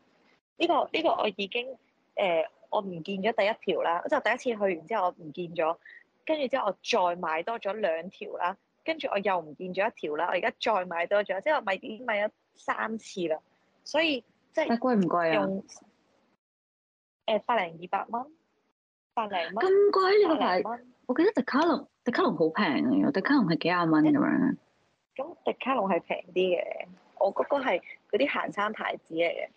呢、這個呢、這個我已經誒、呃、我唔見咗第一條啦，即、就、係、是、第一次去完之後我唔見咗，跟住之後我再買多咗兩條啦，跟住我又唔見咗一條啦，我而家再買多咗，即、就、係、是、我咪已經買咗三次啦。所以即係、就是、貴唔貴啊？誒、呃，百零二百蚊。百零蚊咁貴呢個牌，我記得迪卡龍，迪卡龍好平啊，迪卡龍係幾廿蚊咁樣。咁迪卡龍係平啲嘅，我嗰個係嗰啲行山牌子嚟嘅。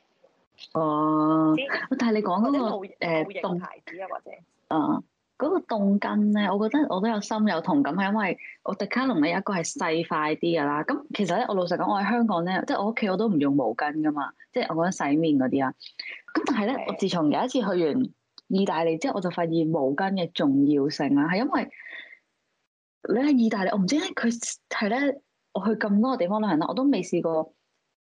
哦，但係你講嗰個誒凍、呃、牌子啊，或者啊嗰個凍巾咧，我覺得我都有心有同感，係因為我迪卡龍咧有一個係細塊啲噶啦。咁其實咧，我老實講，我喺香港咧，即係我屋企我都唔用毛巾噶嘛，即係我覺得洗面嗰啲啊。咁但係咧，是我自從有一次去完。意大利之後我就發現毛巾嘅重要性啦，係因為你喺意大利，我唔知咧佢係咧，我去咁多個地方旅行啦，我都未試過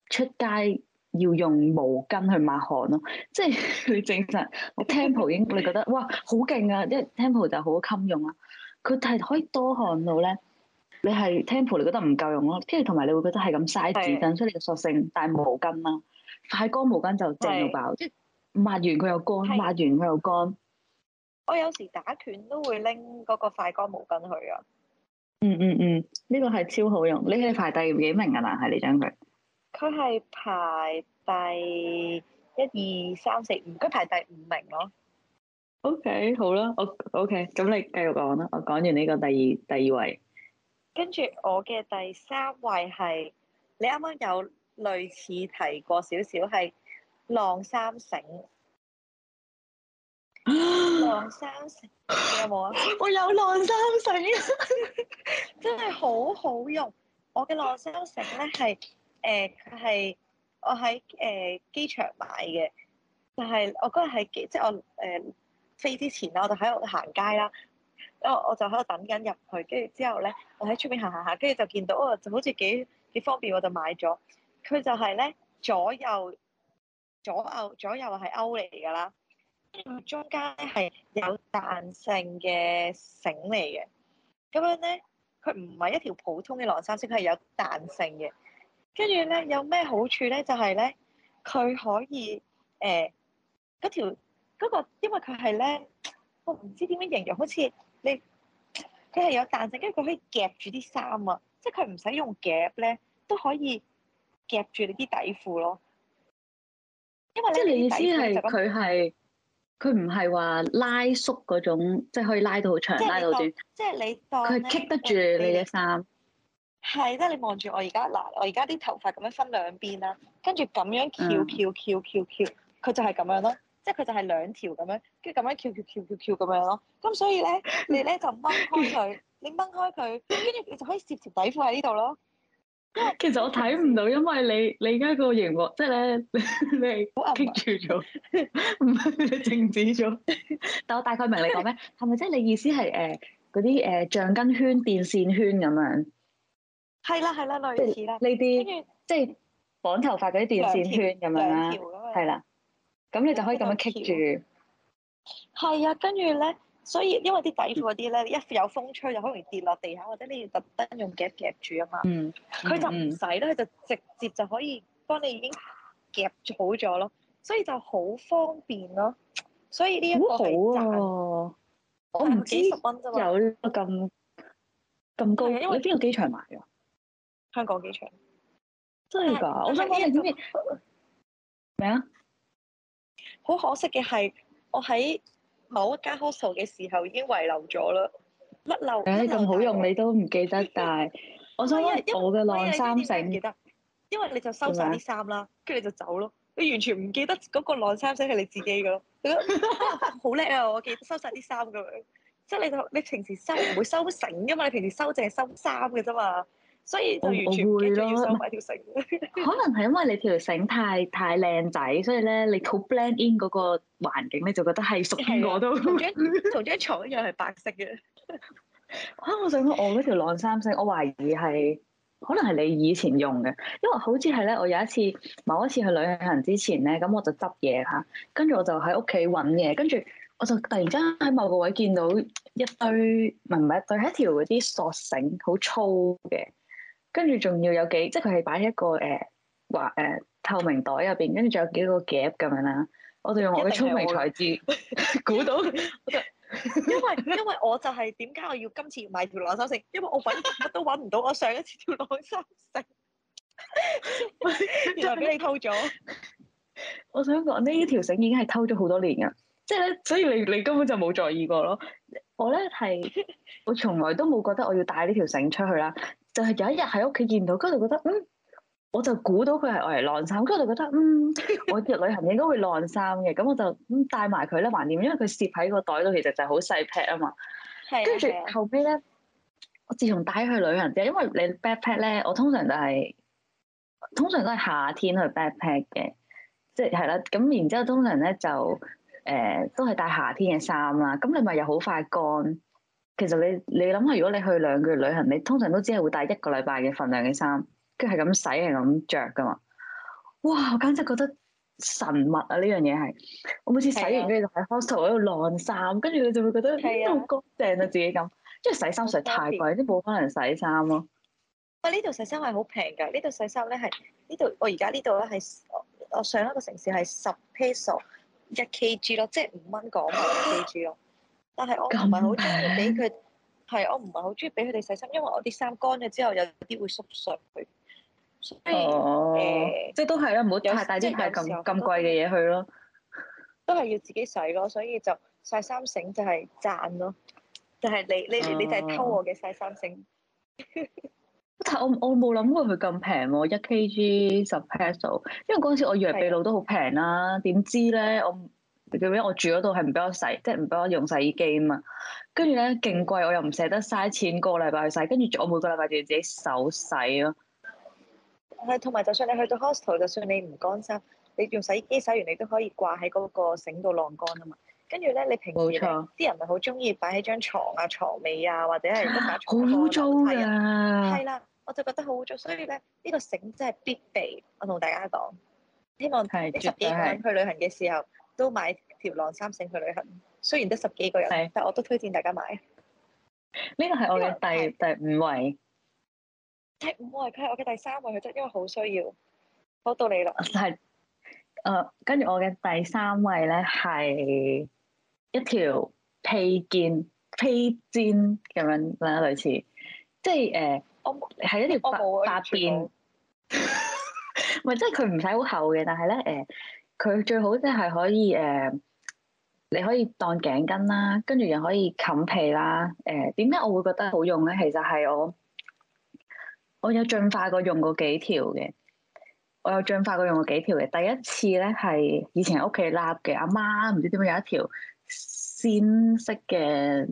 出街要用毛巾去抹汗咯。即係你正常，我 Tempo 已經你覺得哇好勁啊，即係 Tempo 就好襟用啊，佢係可以多汗到咧，你係 Tempo 你覺得唔夠用咯。跟住同埋你會覺得係咁嘥紙巾，出嚟嘅索性，帶毛巾啦，快乾毛巾就正到爆。抹完佢又乾，的抹完佢又乾。我有時打拳都會拎嗰個快乾毛巾去啊、嗯。嗯嗯嗯，呢、這個係超好用。你係排第幾名啊？嗱，係你將佢。佢係排第一、二、三、四、五，佢排第五名咯、啊。O、okay, K，好啦、okay,，我 O K，咁你繼續講啦。我講完呢個第二第二位。跟住我嘅第三位係，你啱啱有類似提過少少係。晾衫繩，晾衫繩你有冇啊？我有晾衫繩， (laughs) 真係好好用。我嘅晾衫繩咧係誒，佢、呃、係我喺誒機場買嘅，但、就、係、是、我嗰日係幾即係我誒、呃、飛之前啦，我就喺度行街啦，咁我就喺度等緊入去，跟住之後咧，我喺出邊行行下，跟住就見到啊，就好似幾幾方便，我就買咗。佢就係咧左右。左右左右係歐嚟噶啦，中間咧係有彈性嘅繩嚟嘅。咁樣咧，佢唔係一條普通嘅晾衫繩，佢係有彈性嘅。跟住咧，有咩好處咧？就係、是、咧，佢可以誒，嗰條嗰個，因為佢係咧，我唔知點樣形容。好似你佢係有彈性，跟住佢可以夾住啲衫啊，即係佢唔使用夾咧，都可以夾住你啲底褲咯。因為即係你意思係佢係佢唔係話拉縮嗰種，即係可以拉到長、拉到短。即係你當佢係 keep 得住你嘅衫。係你，即係你望住我而家嗱，我而家啲頭髮咁樣分兩邊啦，跟住咁樣翹翹翹翹翹，佢、嗯、就係咁樣咯。即係佢就係兩條咁樣，跟住咁樣翹翹翹翹翹咁樣咯。咁所以咧，你咧就掹開佢，你掹開佢，跟住你就可以攝條底褲喺呢度咯。其實我睇唔到，因為你你而家個螢幕，即係咧，你係棘、就是、暗住咗，唔 (laughs) 靜止咗。 (laughs) 但我大概明你講咩，係咪即係你意思係誒嗰啲誒橡筋圈、電線圈咁樣？係啦係啦，類似啦呢啲，即係綁頭髮嗰啲電線圈咁樣啦，係啦。咁、啊、你就可以咁樣棘住。係啊，跟住咧。所以，因為啲底褲嗰啲咧，一有風吹就好容易跌落地下，或者你要特登用夾夾住啊嘛嗯。嗯。佢就唔使咧，佢就直接就可以幫你已經夾好咗咯，所以就好方便咯。所以呢一個好啊，我唔知幾十蚊咋嘛有咁咁高。因為邊個機場買啊？香港機場。真係㗎！我想講嘅咩啊？好麼可惜嘅係，我喺。某一家 hostel 嘅時候已經遺留咗啦，乜漏？誒、欸，咁好用，啊、你都唔記得，但係我想講為我嘅晾衫繩唔記得，是是因為你就收晒啲衫啦，跟住你就走咯，是是你完全唔記得嗰個晾衫繩係你自己嘅咯 (laughs) 啊，好叻啊！我記得收晒啲衫咁樣，即係你你平時收唔會收繩噶嘛，你平時收淨係 (laughs) 收衫嘅啫嘛。所以我完全唔係條但 (laughs) 可能係因為你條繩太太靚仔，所以咧你 too blend in 嗰個環境咧就覺得係熟我個都同張同一，同一，床一樣係白色嘅。啊！ (laughs) 我想講我嗰條晾衫繩，我懷疑係可能係你以前用嘅，因為好似係咧，我有一次某一次去旅行之前咧，咁我就執嘢嚇，跟住我就喺屋企揾嘢，跟住我就突然間喺某個位見到一堆唔係一堆係一條嗰啲索繩，好粗嘅。跟住仲要有幾，即係佢係擺喺一個誒，話、欸、誒、欸、透明袋入邊，跟住仲有幾個夾咁樣啦。我就用我嘅聰明才智估 (laughs) 到。因為 (laughs) 因為我就係點解我要今次要買條爛手繩？因為我搵乜都搵唔到，我上一次條爛手繩，就 (laughs) 來俾你偷咗、 (laughs) 就是。我想講呢條繩已經係偷咗好多年噶，即係咧，所以你你根本就冇在意過咯。我咧係我從來都冇覺得我要帶呢條繩出去啦。就係有一日喺屋企見到，跟住就覺得嗯，我就估到佢係外嚟晾衫，跟住就覺得嗯，我日旅行應該會晾衫嘅，咁 (laughs) 我就帶埋佢啦，橫掂，因為佢攝喺個袋度，其實就係好細 pat 啊嘛。係。跟住後尾咧，我自從帶去旅行之後，因為你 backpack 咧，我通常都係通常都係夏天去 backpack 嘅，即係係啦。咁然之後通常咧就誒、呃、都係帶夏天嘅衫啦。咁你咪又好快乾。其實你你諗下，如果你去兩個月旅行，你通常都只係會帶一個禮拜嘅份量嘅衫，跟住係咁洗，係咁着噶嘛？哇！我簡直覺得神物啊！呢樣嘢係，我每次洗完咧、啊、就喺 hostel 喺度晾衫，跟住你就會覺得、啊、都好乾淨啊自己咁。因為洗衫實在太貴，都冇可能洗衫咯、啊。我呢度洗衫係好平噶，呢度洗衫咧係呢度我而家呢度咧係我上一個城市係十 peso 一 kg 咯，即係五蚊港幣一 kg 咯。 (laughs) 但係我唔係好中意俾佢，係我唔係好中意俾佢哋洗衫，因為我啲衫乾咗之後有啲會縮水。哦，即係都係咯，唔好太帶啲太咁咁貴嘅嘢去咯。都係要自己洗咯，所以就曬衫繩就係讚咯，就係你你你就係偷我嘅曬衫繩。但係我我冇諗過佢咁平喎，一 Kg 十 peso。因為嗰陣時我以為秘魯都好平啦，點知咧我。叫咩？我住嗰度係唔俾我洗，即係唔俾我用洗衣機啊嘛。跟住咧勁貴，我又唔捨得嘥錢個禮拜去洗。跟住我每個禮拜就要自己手洗咯。係，同埋就算你去到 hostel，就算你唔乾衫，你用洗衣機洗完，你都可以掛喺嗰個繩度晾乾啊嘛。跟住咧，你平時啲錯人咪好中意擺喺張床啊、床尾啊，或者係好污糟啊，係啦，我就覺得好污糟，所以咧呢、呢個繩真係必備。我同大家講，希望呢十幾個人去旅行嘅時候，都買條晾衫繩去旅行，雖然得十幾個人，是但我都推薦大家買。呢個係我嘅第是第五位。第五位，佢係我嘅第三位，佢真係因為好需要。好到你咯。係、呃。誒，跟住我嘅第三位咧，係一條披肩、披肩咁樣啦，類似。即係誒、呃我，我係一條百百邊。唔係辯部， (laughs) 即係佢唔使好厚嘅，但係咧誒。呃佢最好即係可以誒、呃，你可以當頸巾啦，跟住又可以冚被啦。誒點解我會覺得好用咧？其實係我我有進化過用過幾條嘅，我有進化過用過幾條嘅。第一次咧係以前喺屋企立嘅，阿媽唔知點解有一條鮮色嘅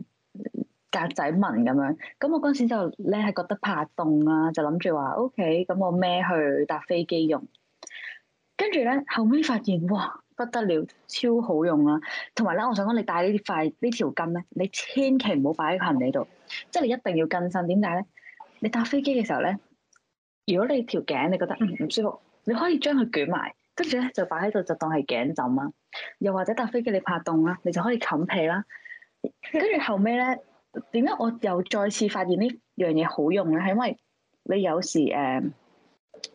格仔紋咁樣。咁我嗰陣時就咧係覺得怕凍啦、啊，就諗住話 OK，咁我孭去搭飛機用。跟住咧，後尾發現哇，不得了，超好用啦、啊！同埋咧，我想講你戴條巾呢啲塊呢條巾咧，你千祈唔好擺喺行李度，即係你一定要更新。點解咧？你搭飛機嘅時候咧，如果你條頸你覺得唔舒服，嗯、你可以將佢捲埋，跟住咧就擺喺度就當係頸枕啦、啊。又或者搭飛機你怕凍啦、啊，你就可以冚被啦。跟住後尾咧，點解我又再次發現呢樣嘢好用咧？係因為你有時誒，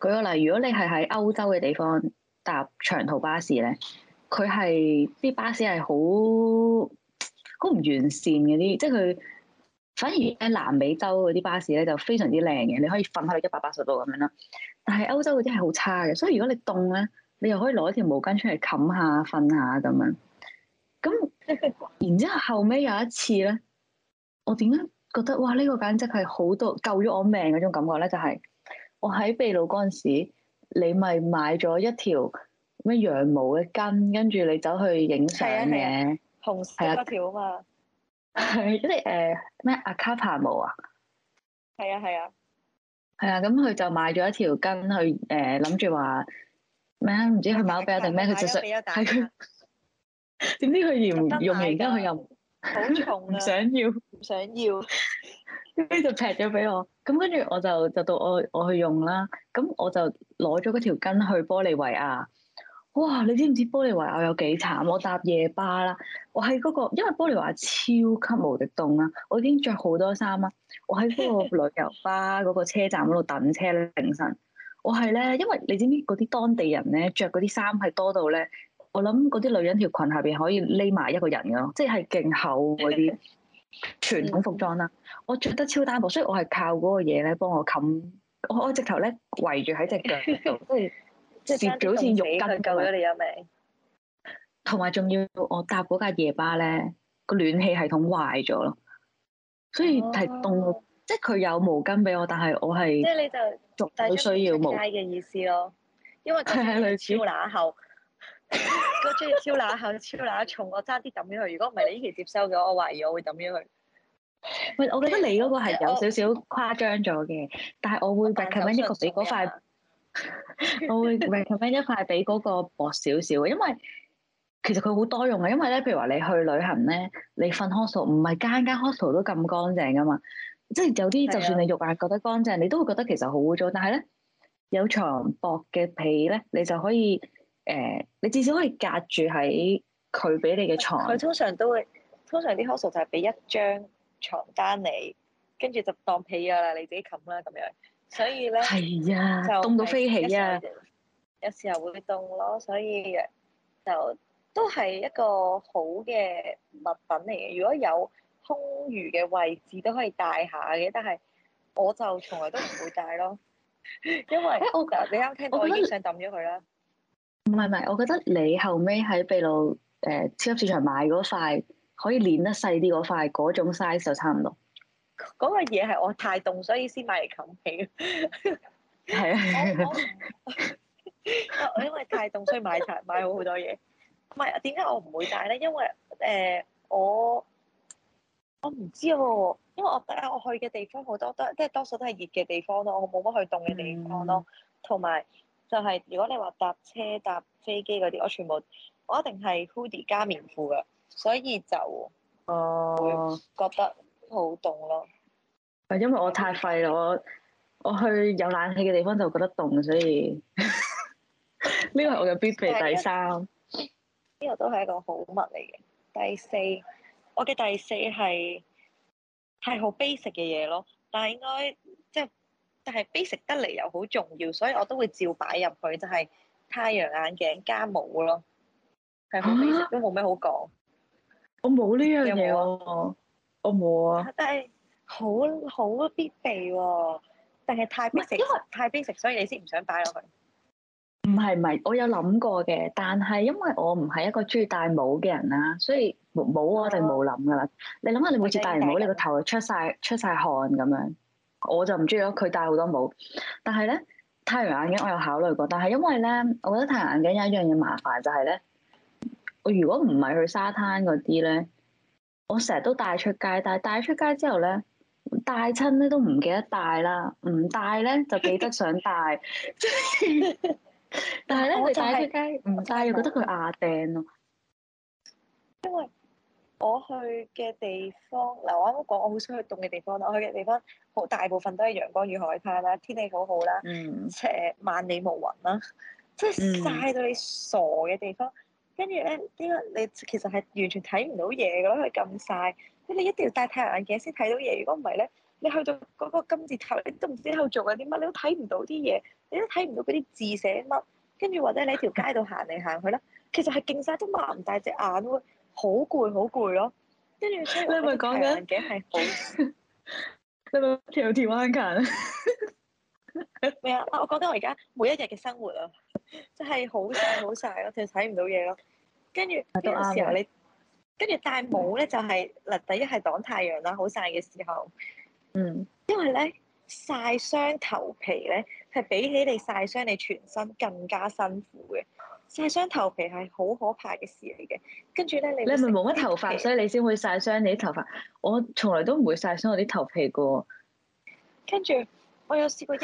舉個例，如果你係喺歐洲嘅地方。搭長途巴士咧，佢係啲巴士係好好唔完善嗰啲，即係佢反而喺南美洲嗰啲巴士咧就非常之靚嘅，你可以瞓喺一百八十度咁樣啦。但係歐洲嗰啲係好差嘅，所以如果你凍咧，你又可以攞一條毛巾出嚟冚下瞓下咁樣。咁 (laughs) 然之後後尾有一次咧，我點解覺得哇呢、呢個簡直係好多救咗我命嗰種感覺咧？就係、係、我喺秘魯嗰陣時。你咪買咗一條咩羊毛嘅巾，跟住你走去影相嘅，紅色嗰條啊嘛。係即係誒咩阿卡帕毛啊？係啊係啊，係啊，咁佢就買咗一條巾去誒諗住話咩唔知佢買俾啊定咩？佢就想畀佢，點知佢嫌用完，而家佢又好重，唔想要，唔想要。跟住就劈咗俾我，咁跟住我就就到我我去用啦，咁我就攞咗嗰條巾去玻利維亞。哇！你知唔知玻利維亞有幾慘？我搭夜巴啦，我喺嗰個，因為玻利維亞超級無敵凍啦，我已經着好多衫啦。我喺嗰個旅遊巴嗰個車站嗰度等車，凌晨。我係咧，因為你知唔知嗰啲當地人咧着嗰啲衫係多到咧，我諗嗰啲女人條裙下邊可以匿埋一個人噶，即係勁厚嗰啲。傳統服裝啦，嗯、我着得超單薄，所以我係靠嗰個嘢咧幫我冚，我我直頭咧圍住喺隻腳，即係即係好似浴巾。夠咗他你、嗯、有未？同埋仲要我搭嗰架夜巴咧，個暖氣系統壞咗咯，所以係凍到，哦、即係佢有毛巾俾我，但係我係即係你就好需要毛巾嘅意思咯，因為太凍啦後。 (laughs) 我中意超乸厚、超乸重，我揸啲抌咗佢。如果唔係你呢期接收嘅，我懷疑我會抌咗佢。喂，我覺得你嗰個係有少少誇張咗嘅，但係我會 recommend 一局俾嗰塊， (laughs) 我會 recommend 一塊俾嗰個薄少少，因為其實佢好多用嘅。因為咧，譬如話你去旅行咧，你瞓 h o s e l 唔係間間 h o s e l 都咁乾淨噶嘛，即係有啲就算你肉眼覺得乾淨，你都會覺得其實好污糟。但係咧，有床薄嘅被咧，你就可以。誒，你至少可以隔住喺佢俾你嘅床。佢通常都會，通常啲 hostel 就係俾一張床單你，跟住就當被啊啦，你自己冚啦咁樣。所以咧，係呀，凍到飛起啊！有時候會凍、啊、咯，所以就都係一個好嘅物品嚟嘅。如果有空餘嘅位置都可以帶下嘅，但係我就從來都唔會帶咯， (laughs) 因為我你啱聽到我我，我已經想抌咗佢啦。唔係，唔係，我覺得你後屘喺秘魯誒、欸、超級市場買嗰塊可以練得細啲嗰塊，嗰種 size 就差唔多。嗰個嘢係我太凍，所以先買嚟冚起。係 (laughs) 啊，我，我， (laughs) 我因為太凍，所以買齊買好多嘢。唔係， (laughs) 點解我唔會帶咧？因為誒、呃，我我唔知哦、啊，因為我帶我去嘅地方好多，多，多，多都即係多數都係熱嘅地方咯，我冇乜去凍嘅地方咯，同埋、嗯。就係、是、如果你話搭車搭飛機嗰啲，我全部我一定係 hoodie 加棉褲嘅，所以就會覺得好凍咯。係、哦、因為我太廢啦，我我去有冷氣嘅地方就會覺得凍，所以呢個係我嘅必備第三。呢個都係一個好物嚟嘅。第四，我嘅第四係係好 basic 嘅嘢咯，但係應該。但係 basic 得嚟又好重要，所以我都會照擺入去。就係、是、太陽眼鏡加帽咯，係、啊、好 basic 都冇咩好講。我冇呢樣嘢，有有我冇啊，啊！但係好好必備喎，但係太 basic，因為太 basic，所以、嗯、你先唔想擺落去。唔係唔係，我有諗過嘅，但係因為我唔係一個中意戴帽嘅人啦，所以冇啊，我哋冇諗噶啦。你諗下，你每次戴完帽，嗯、你個頭出晒出晒汗咁樣。我就唔中意咯，佢戴好多帽。但係咧，太陽眼鏡我有考慮過，但係因為咧，我覺得太陽眼鏡有一樣嘢麻煩就係、是、咧，我如果唔係去沙灘嗰啲咧，我成日都帶出街，但係帶出街之後咧，帶親咧都唔記得帶啦，唔帶咧就記得想帶， (laughs) (laughs) 但係咧呢，佢、就是、帶出街唔帶、就是、又覺得佢亞釘咯。因為我去嘅地方，嗱我啱啱講，我好想去凍嘅地方啦。我去嘅地方，好大部分都係陽光與海灘啦，天氣好好啦，而且、嗯、萬里無雲啦，嗯、即係曬到你傻嘅地方。跟住咧，點解你其實係完全睇唔到嘢嘅咧？佢咁曬，你你一定要戴太陽眼鏡先睇到嘢。如果唔係咧，你去到嗰個金字塔，你都唔知喺度做緊啲乜，你都睇唔到啲嘢，你都睇唔到嗰啲字寫乜。跟住或者你喺條街度行嚟行去啦，其實係勁曬都擘唔大隻眼喎。好攰，好攰咯，跟住你係咪講緊？你咪調調彎琴咩啊？我覺得我講緊我而家每一日嘅生活啊，真係好晒好曬咯，仲睇唔到嘢咯，跟住呢個時候你，跟住戴帽咧就係、是、嗱，嗯、第一係擋太陽啦，好晒嘅時候，嗯，因為咧晒傷頭皮咧係比起你晒傷你全身更加辛苦嘅。曬傷頭皮係好可怕嘅事嚟嘅，跟住咧你你係咪冇乜頭髮，所以你先會曬傷你啲頭髮？我從來都唔會曬傷我啲頭皮噶。跟住我有試過，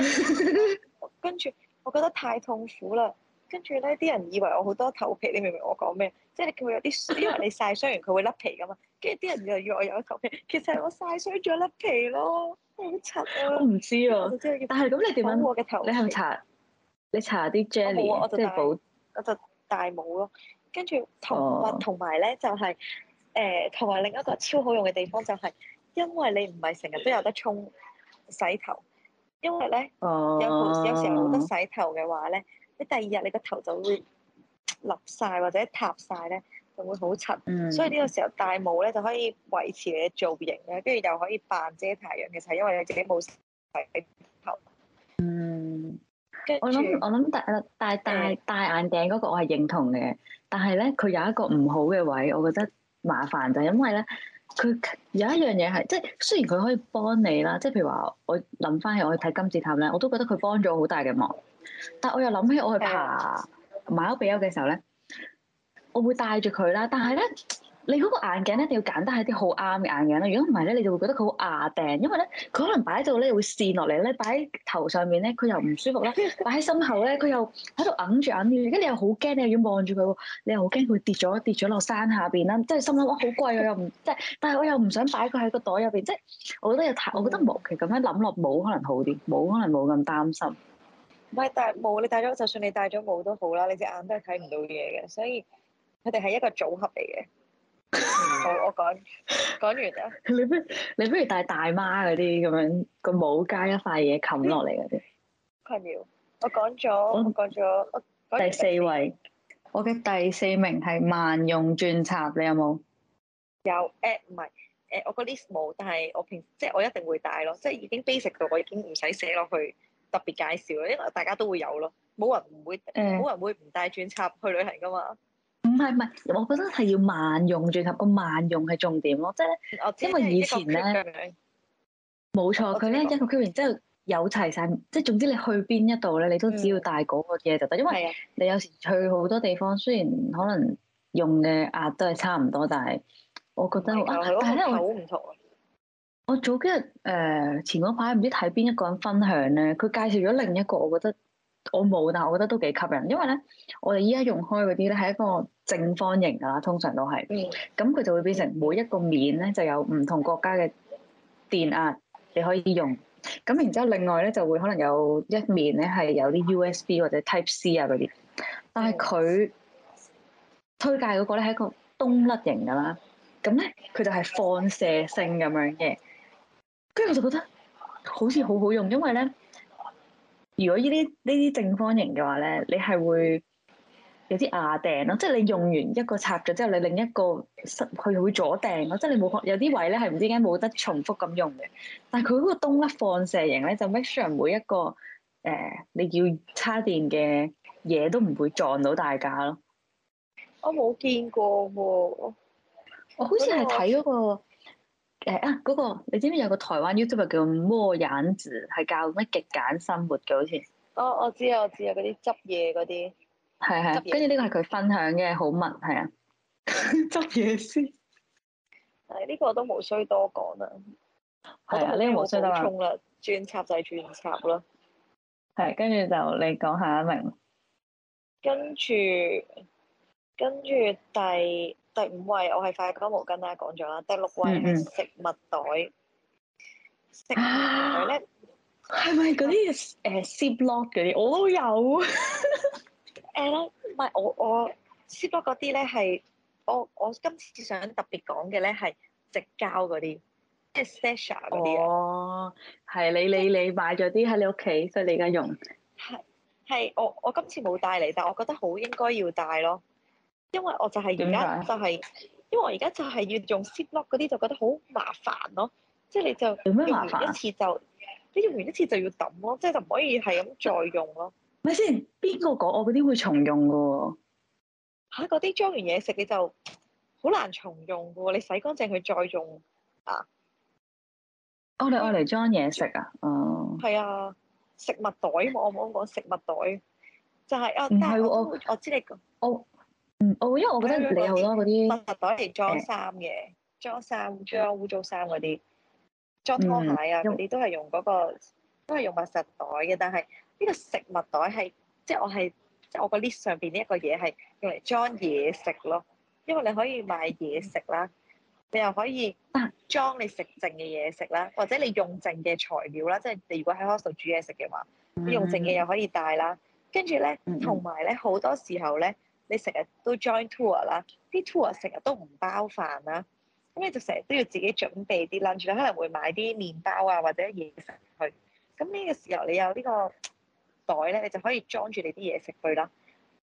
跟住我覺得太痛苦啦。跟住咧啲人以為我好多頭皮，你明唔明我講咩？即係佢會有啲，因為你曬傷完佢會甩皮噶嘛。跟住啲人又以為我有頭皮，其實係我曬傷咗甩皮咯，好柒啊！我唔知啊，但係咁你點樣？你係唔搽？你搽啲 Jenny 我就係保。我就戴帽咯，跟住同埋同埋咧就係、是，誒同埋另一個超好用嘅地方就係，因為你唔係成日都有得沖洗頭，因為咧、oh. 有時有時候冇得洗頭嘅話咧，你第二日你個頭就會笠晒或者塌晒咧，就會好髒。Mm. 所以呢個時候戴帽咧就可以維持你嘅造型咧，跟住又可以扮遮太陽嘅，就係因為你自己冇洗。我諗我諗戴戴戴戴眼鏡嗰個我係認同嘅，但係咧佢有一個唔好嘅位，我覺得麻煩就係因為咧，佢有一樣嘢係即係雖然佢可以幫你啦，即係譬如話我諗翻起我去睇金字塔咧，我都覺得佢幫咗好大嘅忙，但係我又諗起我去爬馬丘比丘嘅時候咧，我會帶住佢啦，但係咧。你嗰個眼鏡一定要揀得係啲好啱嘅眼鏡啦。如果唔係咧，你就會覺得佢好牙釘，因為咧佢可能擺喺度咧會跣落嚟咧，擺喺頭上面咧佢又唔舒服啦。擺喺心口咧佢又喺度揞住眼住，而家你又好驚，你又要望住佢喎。你又好驚佢跌咗跌咗落山下邊啦。即係心諗哇好貴喎，又唔即係，但係我又唔想擺佢喺個袋入邊。即係我覺得又太，我覺得冇，其咁樣諗落冇可能好啲，冇可能冇咁擔心。唔係，但係冇你戴咗，就算你戴咗帽都好啦，你隻眼都係睇唔到嘢嘅，所以佢哋係一個組合嚟嘅。 (laughs) 嗯、好，我講講完啦。 (laughs) 你不你不如帶大媽嗰啲咁樣個帽加一塊嘢冚落嚟嗰啲。困擾， (laughs) 我講咗，我講咗，我第四位， (laughs) 我嘅第四名係萬用轉插，你有冇？有誒，唔係誒，我個 list 冇，但係我平即係我一定會帶咯，即係已經 basic 到我已經唔使寫落去特別介紹，因為大家都會有咯，冇人唔會冇人、呃、冇人會唔帶轉插去旅行噶嘛。唔係唔係，我覺得係要萬用，最合個萬用係重點咯。即係，因為以前咧，冇錯，佢咧呢一個 cover 之後有齊晒。即係總之你去邊一度咧，你都只要帶嗰個嘢就得。嗯、因為你有時去好多地方，雖然可能用嘅額都係差唔多，但係我覺得啊，但係咧，我我早幾日誒、呃、前嗰排唔知睇邊一個人分享咧，佢介紹咗另一個，我覺得。我冇，但係我覺得都幾吸引，因為咧，我哋依家用開嗰啲咧係一個正方形噶啦，通常都係。嗯。咁佢就會變成每一個面咧，就有唔同國家嘅電壓你可以用。咁然之後，另外咧就會可能有一面咧係有啲 USB 或者 Type C 啊嗰啲。但係佢推介嗰個咧係一個東甩型噶啦，咁咧佢就係放射性咁樣嘅。跟住我就覺得好似好好用，因為咧。如果呢啲呢啲正方形嘅話咧，你係會有啲牙掟咯，即係你用完一個插座之後，你另一個失佢會阻掟咯，即係你冇有啲位咧係唔知點解冇得重複咁用嘅。但係佢嗰個東甩放射型咧，就 make sure 每一個誒、呃、你要插電嘅嘢都唔會撞到大家咯。我冇見過喎，我好似係睇嗰個。誒啊！嗰、那個你知唔知有個台灣 YouTuber 叫魔眼子，係教咩極簡生活嘅好似。我我知啊，我知啊，嗰啲執嘢嗰啲。係係，跟住呢個係佢分享嘅好文，係啊。 (laughs) 執嘢先。誒，呢個都無需多講啦。係啊，呢個無需多話。重啦，專輯就係專輯咯。係，跟住就你講下一名。跟住，跟住第。第五位我係快乾毛巾跟大家講咗啦。第六位係、嗯嗯、食物袋，食物袋咧係咪嗰啲誒 ziplock 嗰啲？我都有誒咯，唔 (laughs) 係、啊、我我 ziplock 嗰啲咧係我我今次想特別講嘅咧係直膠嗰啲，即係 silicone 嗰啲哦，係你你你，你買咗啲喺你屋企，所以你而家用。係係，我我今次冇帶嚟，但係我覺得好應該要帶咯。因為我就係而家就係，因為我而家就係要用 Ziploc 嗰啲，就覺得好麻煩咯。即係你就要用完一次就，你用完一次就要抌咯，即係就唔可以係咁再用咯、啊。咪先，邊個講我嗰啲會重用噶？吓、啊，嗰啲裝完嘢食你就好難重用噶，你洗乾淨佢再用啊。我哋愛嚟裝嘢食啊，哦，係啊、嗯嗯、啊，食物袋，我冇講食物袋，就係、是、哦，唔、啊、係我我，我知你講我。嗯，因為、oh, yeah, 我覺得你好多嗰啲密實袋嚟裝衫嘅，裝衫、裝污糟衫嗰啲，裝拖鞋啊嗰啲、mm hmm. 都係用嗰、那個，都係用密實袋嘅。但係呢個食物袋係，即、就、係、是、我係，即、就、係、是、我個 list 上邊呢一個嘢係用嚟裝嘢食咯。因為你可以買嘢食啦，你又可以裝你食剩嘅嘢食啦，或者你用剩嘅材料啦，即、就、係、是、你如果喺 hostel 煮嘢食嘅話，你用剩嘅又可以帶啦。跟住咧，同埋咧，好多時候咧。你成日都 join tour 啦，啲 tour 成日都唔包飯啦，咁你就成日都要自己準備啲 lunch 啦，諗住可能會買啲麵包啊或者嘢食去。咁呢個時候你有呢個袋咧，你就可以裝住你啲嘢食去啦。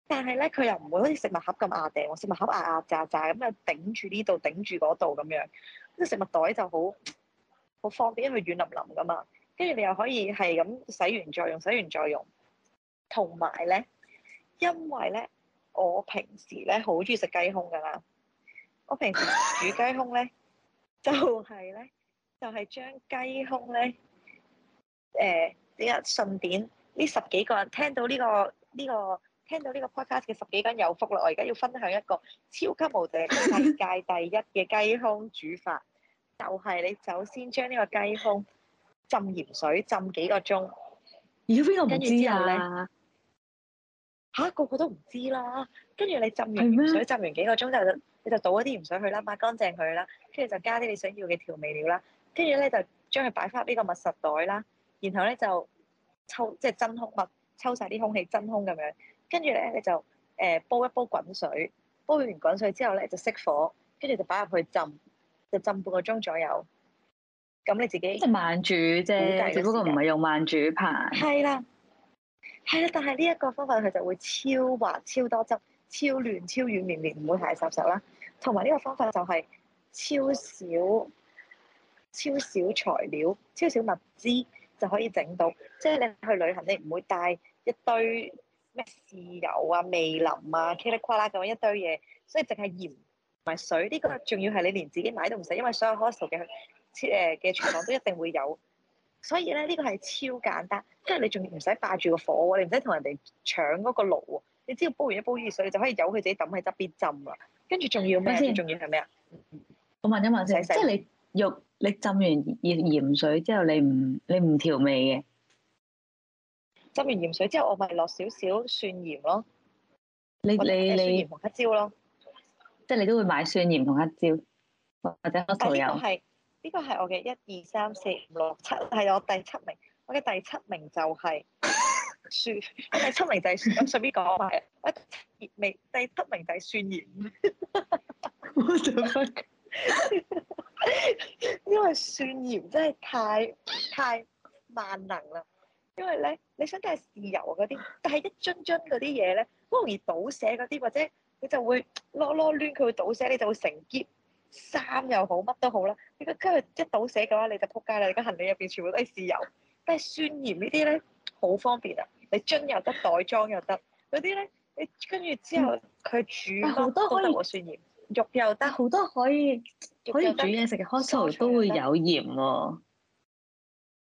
但係咧，佢又唔會好似食物盒咁硬定喎，食物盒硬硬渣渣咁又頂住呢度頂住嗰度咁樣。呢食物袋就好好方便，因為軟腍腍噶嘛。跟住你又可以係咁洗完再用，洗完再用。同埋咧，因為咧。我平時咧好中意食雞胸噶啦，我平時煮雞胸咧就係、是、咧就係、是、將雞胸咧誒點解順便呢十幾個人聽到呢個呢個聽到呢個 podcast 嘅十幾個人有福啦！我而家要分享一個超級無敵世界第一嘅雞胸煮法， (laughs) 就係你首先將呢個雞胸浸鹽水浸幾個鐘，而家邊個唔知啊？嚇、啊、個個都唔知啦，跟住你浸完鹽水，嗎浸完幾個鐘之後你就倒一啲鹽水去啦，抹乾淨佢啦，跟住就加啲你想要嘅調味料啦，跟住咧就將佢擺翻呢個密實袋啦，然後咧就抽即係、就是、真空物，抽晒啲空氣真空咁樣，跟住咧你就誒煲一煲滾水，煲完滾水之後咧就熄火，跟住就擺入去浸，就浸半個鐘左右。咁你自己即係慢煮啫，只不過唔係用慢煮盤。係啦。係啊，但係呢一個方法佢就會超滑、超多汁、超嫩、超軟綿綿，唔會鞋濕濕啦。同埋呢個方法就係超少、超少材料、超少物資就可以整到。即係你去旅行，你唔會帶一堆咩豉油啊、味淋啊，茄哩呱啦咁樣一堆嘢。所以淨係鹽同埋水，呢個仲要係你連自己買都唔使，因為所有 hostel 嘅誒嘅廚房都一定會有。所以咧，呢、呢個係超簡單，即係你仲唔使霸住個火喎，你唔使同人哋搶嗰個爐喎，你只要煲完一煲熱水，你就可以由佢自己抌喺側邊浸啊。跟住仲要咩？仲等要係咩啊？我問一問先，即係你肉，你浸完鹽鹽水之後，你唔你唔調味嘅？浸完鹽水之後，我咪落少少蒜鹽咯。你你你。蒜鹽同黑椒咯，即係你都會買蒜鹽同黑椒，或者黑胡油。呢個係我嘅一、二、三、四、五、六、七，係我第七名。我嘅第七名就係蒜。 (laughs) 我第七名就係蒜。咁順便講埋，我第七名就係蒜鹽。我做乜？因為蒜鹽真係太太萬能啦。因為咧，你想睇下豉油嗰啲，但係一樽樽嗰啲嘢咧，好容易倒瀉嗰啲，或者你就會囉囉攣，佢會倒瀉，你就會成結。衫又好，乜都好啦。你果跟住一倒瀉嘅話，你就撲街啦。你個行李入邊全部都係豉油，但係蒜鹽呢啲咧，好方便啊！你樽又得，袋裝又得，嗰啲咧，你跟住之後佢煮多都得，冇蒜鹽，肉又得，好多可以，多可，以可以煮嘢食嘅，可能都會有鹽喎、哦，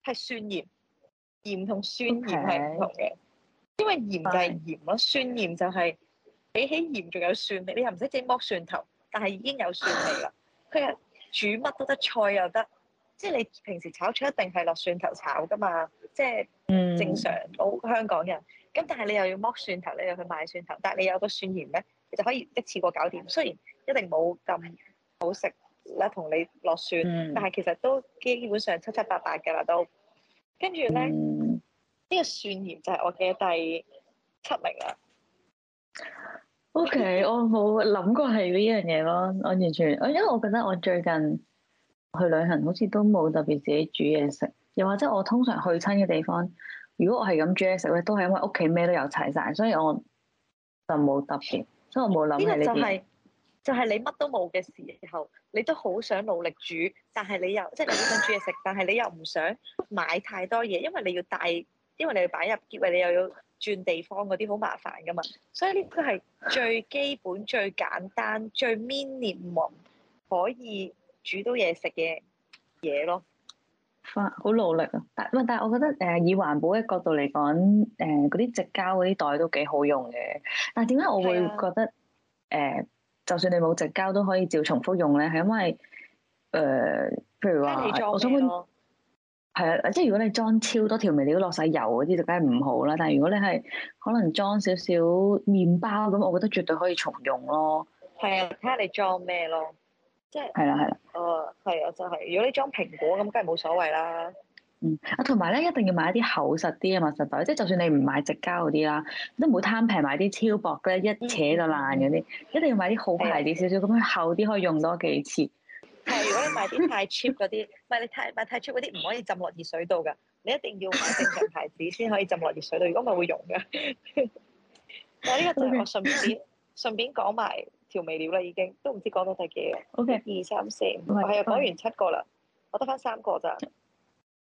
係蒜鹽，鹽同蒜鹽係唔同嘅，Okay. 因為鹽就係鹽咯，蒜鹽就係、是、比起鹽仲有蒜，味，你又唔使整剝蒜頭。但係已經有蒜味啦，佢係煮乜都得，菜又得，即係你平時炒菜一定係落蒜頭炒噶嘛，即係正常，好香港人。咁但係你又要剝蒜頭，你又去買蒜頭，但係你有個蒜鹽呢，你就可以一次過搞掂。雖然一定冇咁好食啦，同你落蒜，嗯，但係其實都基本上七七八八嘅啦都。跟住咧，呢個蒜鹽就係我嘅第七名啦。O、okay, K，我冇諗過係呢樣嘢咯。我完全，我因為我覺得我最近去旅行好似都冇特別自己煮嘢食，又或者我通常去親嘅地方，如果我係咁煮嘢食咧，都係因為屋企咩都有齊晒，所以我就冇特別。所以我冇諗係你係、就係，就係、是、你乜都冇嘅時候，你都好想努力煮，但係你又即係、就係、你好想煮嘢食， (laughs) 但係你又唔想買太多嘢，因為你要帶，因為你要擺入結，你又要。轉地方嗰啲好麻煩㗎嘛，所以呢個係最基本、 (laughs) 最簡單、最 minimum 可以煮到嘢食嘅嘢咯。哇，好努力啊！但但係我覺得誒、呃，以環保嘅角度嚟講，誒嗰啲矽膠嗰啲袋都幾好用嘅。但點解我會覺得誒、啊呃，就算你冇矽膠都可以照重複用咧？係因為誒、呃，譬如話我將係啊，即係如果你裝超多調味料落晒油嗰啲就梗係唔好啦。但係如果你係可能裝少少麵包咁，我覺得絕對可以重用咯。係啊，睇下你裝咩咯，即係係啦係啦。哦，係啊就係、係。如果你裝蘋果咁，梗係冇所謂啦。嗯啊，同埋咧一定要買一啲厚實啲啊密實袋，即係就算你唔買直膠嗰啲啦，都唔好貪平買啲超薄嘅一扯就爛嗰啲，嗯、一定要買啲好牌子少少咁樣厚啲，可以用多幾次。買啲太 cheap 嗰啲，唔係你太買太 cheap 啲唔可以浸落熱水度㗎，你一定要買正常牌子先可以浸落熱水度，如果唔係會溶㗎。 (laughs) 但係呢個就係我順便順便講埋調味料啦，已經都唔知講到第幾啊。O K，二三四，My God. 我係又講完七個啦，我得翻三個咋。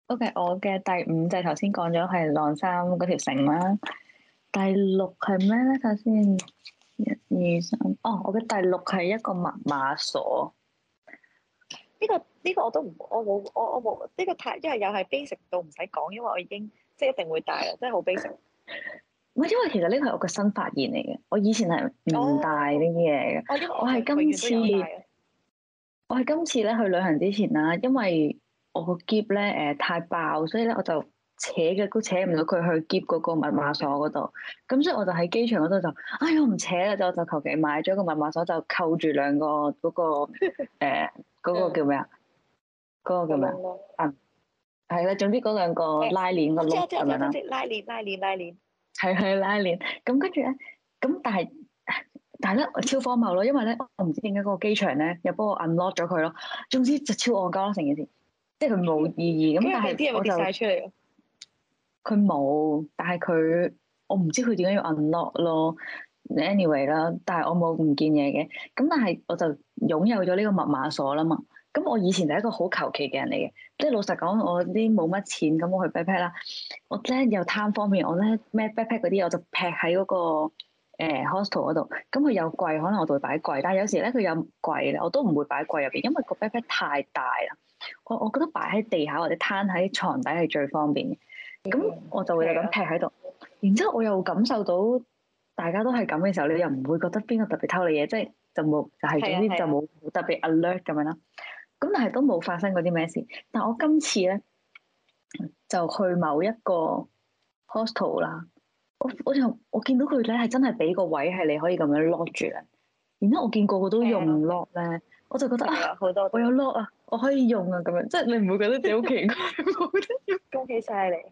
O、okay, K，我嘅第五就係頭先講咗係晾衫嗰條繩啦，第六係咩咧？頭先，一、二、三，哦，我嘅第六係一個密碼鎖。呢、呢個呢、呢個我都唔，我冇我我冇呢個太，因為又係 basic 到唔使講，因為我已經即係一定會帶啦，真係好 basic。唔係，因為其實呢係我個新發現嚟嘅，我以前係唔帶呢啲嘢嘅，oh, okay. 我係今次，我係今次咧去旅行之前啦，因為我個喼咧誒太爆，所以咧我就。扯嘅，都扯唔到佢去揭嗰個密碼鎖嗰度。咁所以我就喺機場嗰度就，哎呀唔扯啦，就就求其買咗個密碼鎖，就扣住兩個嗰個誒嗰個叫咩啊？嗰個叫咩啊？啊，係啦，總之嗰兩個拉鍊個轆咁樣，拉鍊拉鍊拉鍊，係係拉鍊。咁跟住咧，咁但係但係咧超荒謬咯，因為咧我唔知點解嗰個機場咧又幫我 unlock 咗佢咯。總之就超戇鳩啦，成件事，即係佢冇意義咁。但係我就。佢冇，但係佢我唔知佢點解要 unlock 咯。Anyway 啦，但係我冇唔見嘢嘅。咁但係我就擁有咗呢個密碼鎖啦嘛。咁我以前就係一個好求其嘅人嚟嘅，即係老實講，我啲冇乜錢，咁我去 backpack 啦。我咧又貪方便，我咧咩 backpack 嗰啲，我就劈喺嗰個誒 hostel 嗰度。咁、呃、佢有櫃，可能我就會擺喺櫃。但係有時咧佢有櫃咧，我都唔會擺喺櫃入邊，因為個 backpack 太大啦。我我覺得擺喺地下或者攤喺床底係最方便嘅。咁、嗯、我就會咁劈喺度，然之後我又感受到大家都係咁嘅時候，你又唔會覺得邊個特別偷你嘢，即係就冇就係總之就冇特別 alert 咁樣啦。咁但係都冇發生過啲咩事。但係我今次咧就去某一個 hostel 啦，我我就我見到佢咧係真係俾個位係你可以咁樣 lock 住嘅，然之後我見個個都用 lock 咧，我就覺得好多、啊、我有 lock 啊，我可以用啊咁樣，即係你唔會覺得自己好奇怪。得恭喜曬你！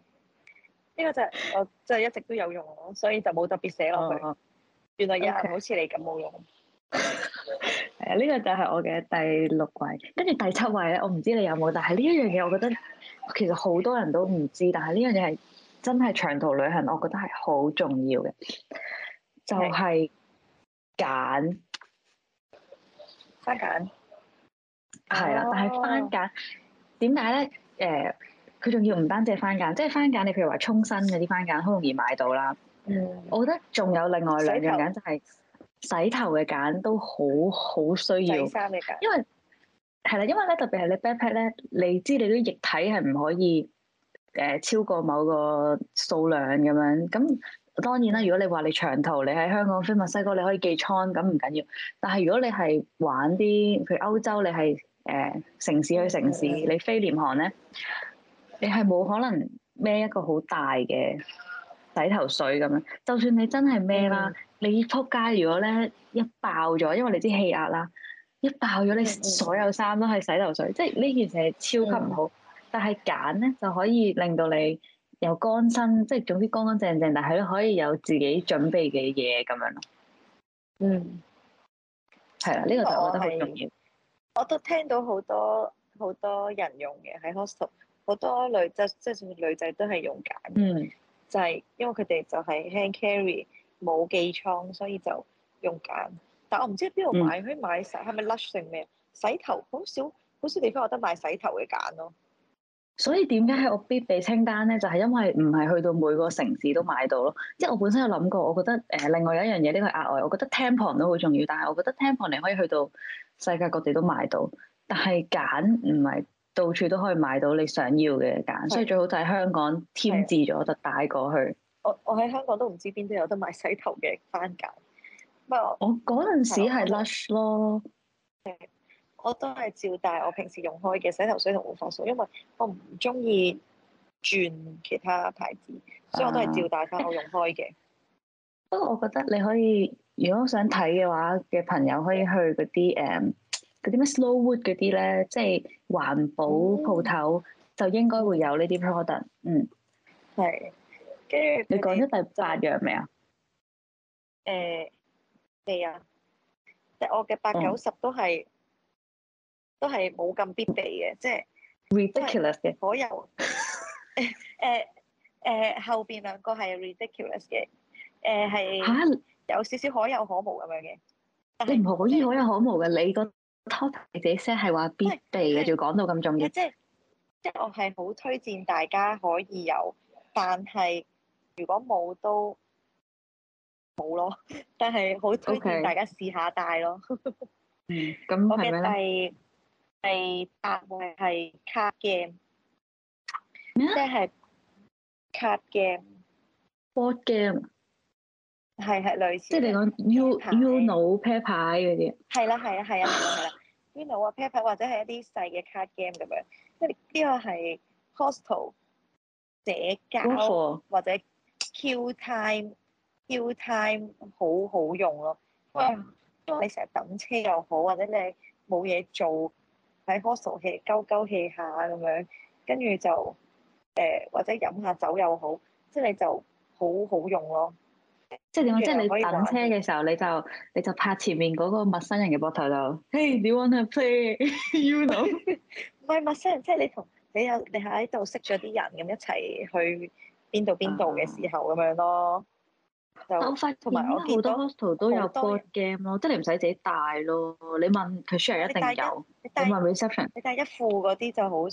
呢個就係、是、我即係一直都有用所以就冇特別寫落去。哦、原來一係好似你咁冇用。誒，呢個就係我嘅第六位，跟住第七位咧，我唔知你有冇，但係呢一樣嘢我覺得其實好多人都唔知，但係呢樣嘢係真係長途旅行，我覺得係好重要嘅，就係、是、揀、okay. 番梘係啦。Oh. 但係番梘點解咧？誒。Uh, 佢仲要唔單止番梘，即係番梘，你譬如話沖身嘅啲番梘好容易買到啦。嗯、我覺得仲有另外兩樣梘就係洗頭嘅梘都好好需要，衫嘅梘，因為係啦，因為咧特別係你 backpack 咧，你知你啲液體係唔可以誒、呃、超過某個數量咁樣。咁當然啦，如果你話你長途，你喺香港飛墨西哥，你可以寄倉，咁唔緊要。但係如果你係玩啲譬如歐洲你，你係誒城市去城市， (laughs) 你飛廉航咧。你係冇可能孭一個好大嘅洗頭水咁樣，就算你真係孭啦，嗯、你撲街如果咧一爆咗，因為你知氣壓啦，一爆咗你所有衫都係洗頭水，嗯、即係呢件事係超級唔好。嗯、但係揀咧就可以令到你又乾身，即係總之乾乾淨淨，但係都可以有自己準備嘅嘢咁樣咯。嗯，係啊，呢個就我覺得好重要我。我都聽到好多好多人用嘅喺 hostel。好多女仔即係女仔都係用梘，嗯、就係因為佢哋就係 hand carry 冇寄艙，所以就用梘。但我唔知喺邊度買，嗯、買是是可以買洗係咪 lush 定咩？洗頭好少，好少地方有得買洗頭嘅梘咯。所以點解喺我必備清單咧？就係、是、因為唔係去到每個城市都買到咯。即、就、係、是、我本身有諗過，我覺得誒另外有一樣嘢呢、這個額外，我覺得 tampon 都好重要，但係我覺得 tampon 你可以去到世界各地都買到，但係梘唔係。到處都可以買到你想要嘅揀，的所以最好就喺香港添置咗就帶過去。我我喺香港都唔知邊度有得買洗頭嘅番梘。不過我嗰陣、哦、時係 Lush 咯我，我都係照帶我平時用開嘅洗頭水同護髮素，因為我唔中意轉其他牌子，所以我都係照帶翻我用開嘅。不過、啊、我覺得你可以，如果想睇嘅話嘅朋友可以去嗰啲誒。Um, 嗰啲咩 slow wood 嗰啲咧，即係環保鋪頭就應該會有呢啲 product。嗯，係。跟住你講咗第八樣未、呃、啊？誒、就是，未啊、哦。即係我嘅八九十都係、就是、都係冇咁必備嘅，即係 ridiculous 嘅可有誒誒誒，後邊兩個係 ridiculous 嘅誒係嚇有少少可有可無咁樣嘅，哈是你唔可以可以有可無嘅，你個。拖自己聲係話必備嘅，仲講是到咁重要。即係、就是、即、就、係、是、我係好推薦大家可以有，但係如果冇都冇咯。但係好推薦大家試下戴咯 Okay. (laughs) 嗯。嗯，咁我嘅第係八位係卡，麼卡 game，即係卡 game、board game。係係類似，即係你講 uno、啤牌嗰啲。係啦，係啦，係啊，係啦，uno 啊啤牌或者係一啲細嘅 card game 咁樣，即係呢個係 hostel 社交或者 kill time kill time 好好用咯。喂哇，當、啊、你成日等車又好，或者你冇嘢做喺 hostelhea 鳩鳩 hea 下咁樣，跟住就誒或者飲下酒又好，即、就、係、是、你就好好用咯。即係點講？即係你等車嘅時候，你就你就拍前面嗰個陌生人嘅膊頭就，Hey，you wanna play Uno？唔係陌生人，即係你同你有你喺度識咗啲人咁一齊去邊度邊度嘅時候咁樣咯。就方便。同埋我好多 hostel 都有 board game 咯，即係你唔使自己帶咯。你問佢 share 一定有。你帶一？你帶一副啲就好，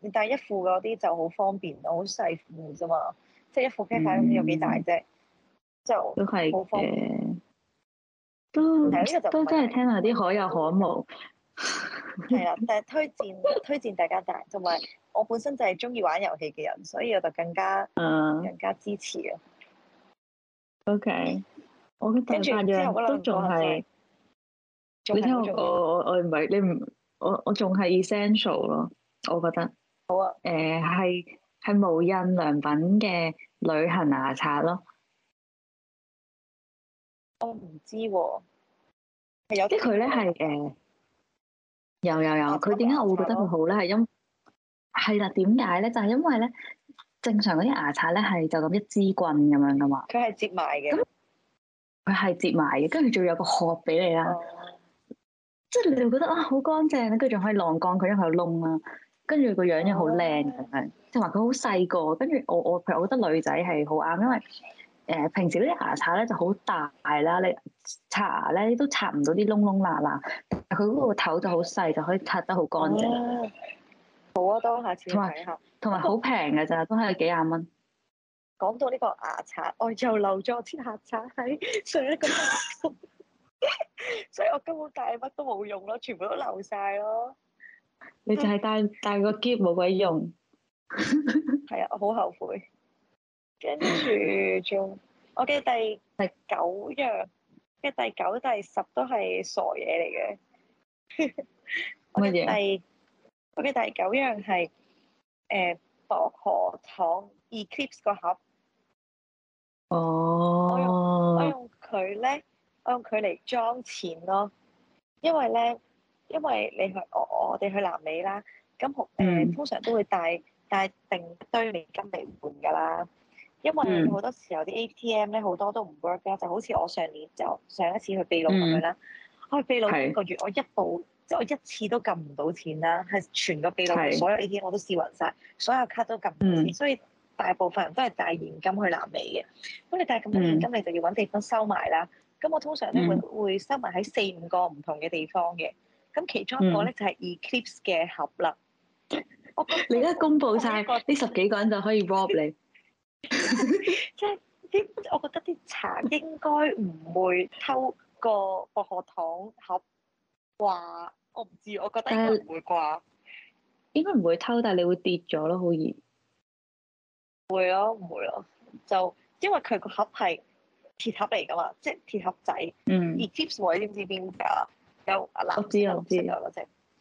你帶一副嗰啲就好方便咯，好細副啫嘛。即係一副啤牌有幾大啫？嗯就都係嘅，都都真係聽下啲可有可無係啊。但係 (laughs) 推薦推薦大家帶，但同埋我本身就係中意玩遊戲嘅人，所以我就更加嗯、uh, 更加支持啊。OK，我都仲係你聽我我我唔係你唔我我仲係 essential 咯。我覺得好啊。誒、呃，係係無印良品嘅旅行牙刷咯。我唔知喎、啊，啲佢咧係誒，有有有，佢點解我會覺得佢好咧？係因係啦，點解咧？就係、是、因為咧，正常嗰啲牙刷咧係就咁一支棍咁樣噶嘛，佢係接埋嘅，咁佢係接埋嘅，跟住仲有個殼俾你啦，哦、即係你會覺得啊好乾淨，跟住仲可以晾乾佢，因為佢有窿啊，跟住個樣又好靚嘅，即係話佢好細個，跟住我我其實我覺得女仔係好啱，因為。誒平時啲牙刷咧就好大啦，你刷牙咧都刷唔到啲窿窿罅罅，佢嗰個頭就好細，就可以刷得好乾淨。哦。好啊，多下次睇下。同埋好平㗎咋，都係 (laughs) 幾廿蚊。講到呢個牙刷，我又漏咗支牙刷喺上一個包，所以我根本帶乜都冇用咯，全部都漏晒咯。 (laughs) 你就係帶帶個篋冇鬼用。係 (laughs) 啊，好後悔，悔。跟住仲，我記得第九樣，嘅的第九、第十都係傻嘢嚟嘅。 (laughs) 乜嘢啊第？麼我嘅第九樣係誒、欸、薄荷糖 Eclipse 個盒。哦我。我用佢咧，我用佢嚟裝錢咯。因為咧，因為你去我我哋去南美啦，咁誒、嗯、通常都會帶帶定堆美金嚟換㗎啦。因為好多時候啲 ATM 咧好多都唔 work 啦，就好似我上年就上一次去秘魯咁樣啦。我去秘魯幾個月，我一部即係我一次都撳唔到錢啦，係全個秘魯所有 ATM 我都試勻晒，所有卡都撳唔到錢，所以大部分人都係帶現金去南美嘅。咁你帶咁多現金，你就要揾地方收埋啦。咁我通常咧會會收埋喺四五個唔同嘅地方嘅。咁其中一個咧就係 Eclipse 嘅盒啦。你而家公佈晒，呢十幾個人就可以 rob 你。即係啲， (laughs) (laughs) 我覺得啲茶應該唔會偷個薄荷糖盒。話我唔知，我覺得應該唔會啩、呃。應該唔會偷，但係你會跌咗咯，好易。會咯，唔會咯？就因為佢個盒係鐵盒嚟噶嘛，即係鐵盒仔。嗯。而 Eclipse，你知唔知邊個？有阿藍，我知絲我知。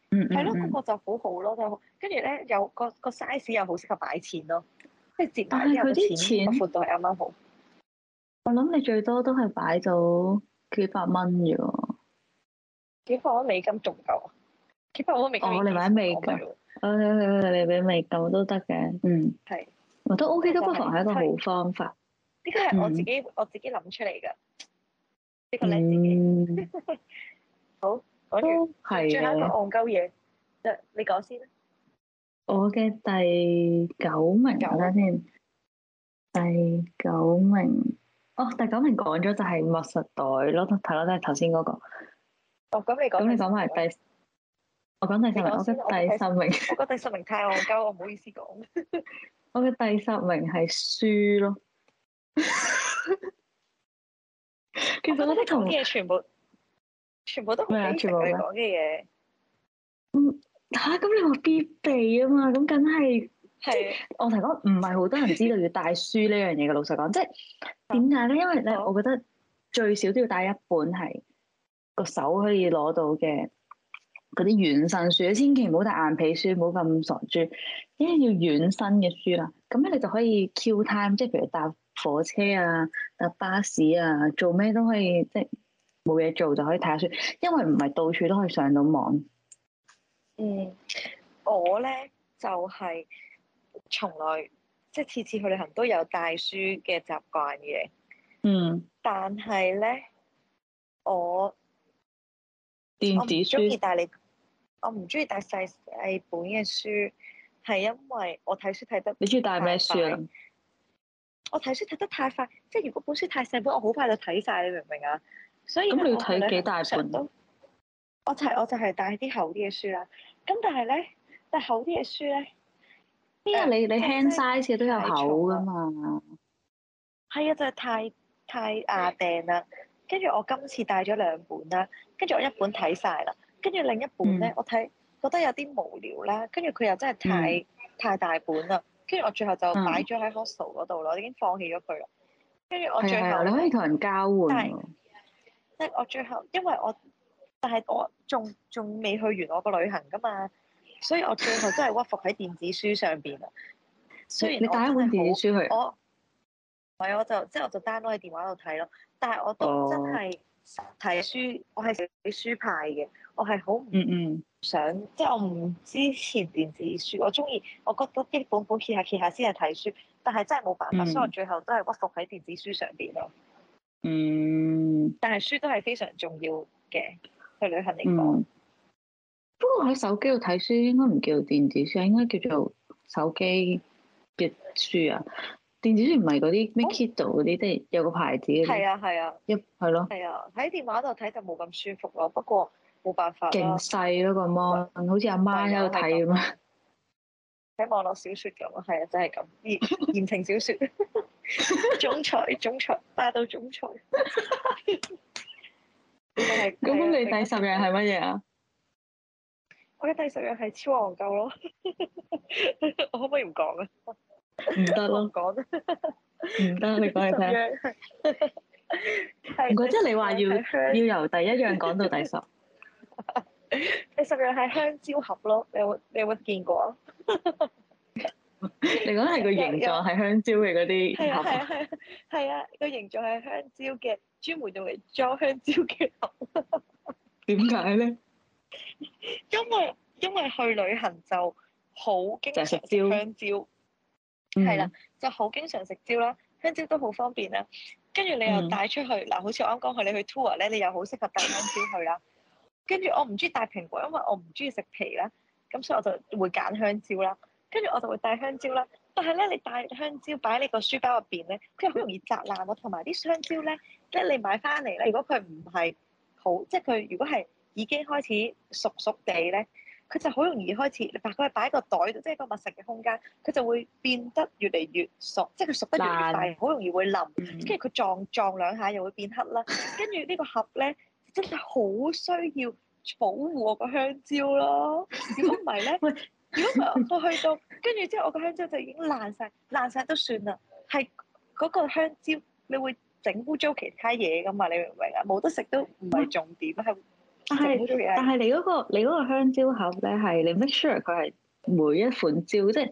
嗯，嗯，嗯。係咯，嗰、嗰個就好好咯，就跟住咧，有、嗰個個 size 又好適合擺錢咯。但係佢啲錢闊度係啱啱好，我諗你最多都係擺到幾百蚊啫喎，幾百蚊美金仲夠？幾百蚊美金？我哋買美金，誒，你俾美金都得嘅，嗯，係，我都 O K，都不妨係一個好方法。呢個係我自己我自己諗出嚟噶，呢個你自己。好，講完，最後一個戇鳩嘢，即係你講先。我嘅第九名，講下先。第九名，哦，第九名講咗就係密實袋咯，係咯，都係頭先嗰個。哦，咁、那個哦嗯、你講咁、嗯、你講埋第四，我講第十名，我識第十名。我覺得第十名太戇鳩，我唔好意思講。 (laughs) 我嘅第十名係書咯。其 (laughs) 實我啲同講嘅嘢全部，全部都好啱嘅。講嘅嘢。嗯。吓，咁、啊、你話必備啊嘛，咁梗係，即係我同你講唔係好多人知道要帶書呢樣嘢嘅。 (laughs) 老實講，即係點解咧？因為咧，我覺得最少都要帶一本係個手可以攞到嘅嗰啲軟身書，千祈唔好帶硬皮書，唔好咁傻豬，因為要軟身嘅書啦。咁咧你就可以 Q time，即係譬如搭火車啊、搭巴士啊、做咩都可以，即係冇嘢做就可以睇下書，因為唔係到處都可以上到網。嗯，我咧就係、是、從來即係次次去旅行都有帶書嘅習慣嘅。嗯，但係咧我電子書中意帶你，我唔中意帶細細本嘅書，係因為我睇書睇得你中意帶咩書啊？我睇書睇得太快，即係如果本書太細本，我好快就睇晒，你明唔明啊？所以咁你要睇幾大本？我就係我就係帶啲厚啲嘅書啦，咁但係咧，但，但厚啲嘅書咧，呢個、欸欸、你你 hand size 都有厚噶嘛？係啊，就係、是、太太壓病啦。跟住我今次帶咗兩本啦，跟住我一本睇晒啦，跟住另一本咧，嗯、我睇覺得有啲無聊啦，跟住佢又真係太、嗯、太大本啦，跟住我最後就擺咗喺 hostel 嗰度咯，嗯、已經放棄咗佢啦。跟住我最後你可以同人交換。即係、嗯嗯、我最後，因為我。但係我仲仲未去完我個旅行噶嘛，所以我最後都係屈服喺電子書上邊啊。雖然你帶一本電子書我我電去，我唔係，我就即係、就是、我就 download 喺電話度睇咯。但係我都真係睇實體書，我係睇書派嘅，我係好唔嗯想，即係、嗯嗯、我唔支持電子書。我中意，我覺得基本本揭下揭下先係睇書。但係真係冇辦法，嗯、所以我最後都係屈服喺電子書上邊咯。嗯，但係書都係非常重要嘅。嗯，去旅行 mm hmm. 不過喺手機度睇書應該唔叫電子書，應該叫做手機嘅書啊。電子書唔係嗰啲 Kindle 嗰啲，即係、oh? 有個牌子。係啊係啊，一係、啊、咯。係啊，喺電話度睇就冇咁舒服咯。不過冇辦法。勁細咯個 mon、uh huh. 好似阿媽喺度睇咁啊，喺、就是、 (laughs) 網絡小説咁啊，係啊，真係咁。言情小説，總裁總裁，霸道總裁。咁咁你第十樣係乜嘢啊？我嘅第十樣係超戇鳩咯， (laughs) 我可唔可以唔講啊？唔得行咯，講唔得行，你講嚟聽。唔該， (laughs) 即係你話要要由第一樣講到第十。第十樣係香蕉盒咯，你有，有你有冇見過啊？ (laughs) 你講係個形狀係香蕉嘅嗰啲盒，係啊係啊係啊，啊，個形狀係香蕉嘅，專門用嚟裝香蕉嘅盒。點解咧？因為因為去旅行就好經常食香蕉，係啦，啊 mm hmm. 就好經常食蕉啦。香蕉都好方便啦。跟住你又帶出去嗱，好似、mm hmm. 我啱講，你去 tour 咧，你又好適合帶香蕉去啦。跟住我唔中意帶蘋果，因為我唔中意食皮咧，咁所以我就會揀香蕉啦。跟住我就會帶香蕉啦，但係咧，你帶香蕉擺喺你個書包入邊咧，佢好容易砸爛喎。同埋啲香蕉咧，即係你買翻嚟咧，如果佢唔係好，即係佢如果係已經開始熟熟地咧，佢就好容易開始。你佢係擺個袋，即係個密實嘅空間，佢就會變得越嚟越熟，即係佢熟得越嚟越大，好容易會腍。跟住佢撞撞兩下又會變黑啦。跟住呢個盒咧，真係好需要保護我個香蕉咯。如果唔係咧。 (laughs) (laughs) 如果我去到，跟住之後我個香蕉就已經爛晒，爛晒都算啦。係嗰個香蕉，你會整污糟其他嘢㗎嘛？你明唔明啊？冇得食都唔係重點，係、啊。是但係但係你嗰、那個你嗰香蕉盒咧，係你 make sure 佢係每一款蕉，即係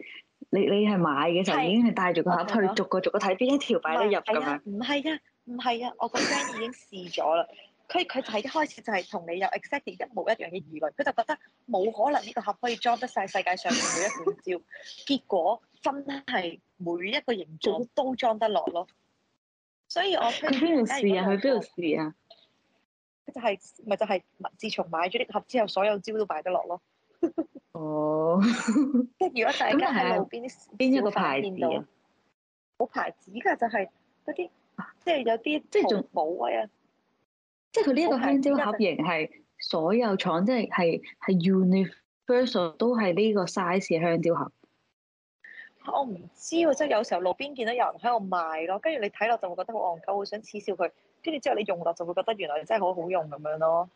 你你係買嘅時候已經係帶住個盒去逐個逐個睇邊一條擺得入咁樣。唔係啊，唔係啊，啊，我個 friend 已經試咗啦。 (laughs) 佢佢就係一開始就係同你有 exactly 一模一樣嘅疑慮，佢就覺得冇可能呢個盒可以裝得晒世界上嘅每一款蕉，結果真係每一個形狀都裝得落咯。所以我去邊度試啊？去邊度試啊？佢就係咪就係自從買咗呢個盒之後，所有蕉都擺得落咯。哦，即係如果大家喺路邊邊一個牌子啊？冇牌子㗎，就係嗰啲即係有啲即係仲冇威啊！即係佢呢一個香蕉盒型係所有廠，即係係係 universal 都係呢個 size 嘅香蕉盒。我唔知喎，即係有時候路邊見到有人喺度賣咯，跟住你睇落就會覺得好戇鳩，會想恥笑佢。跟住之後你用落就會覺得原來真係好好用咁樣咯。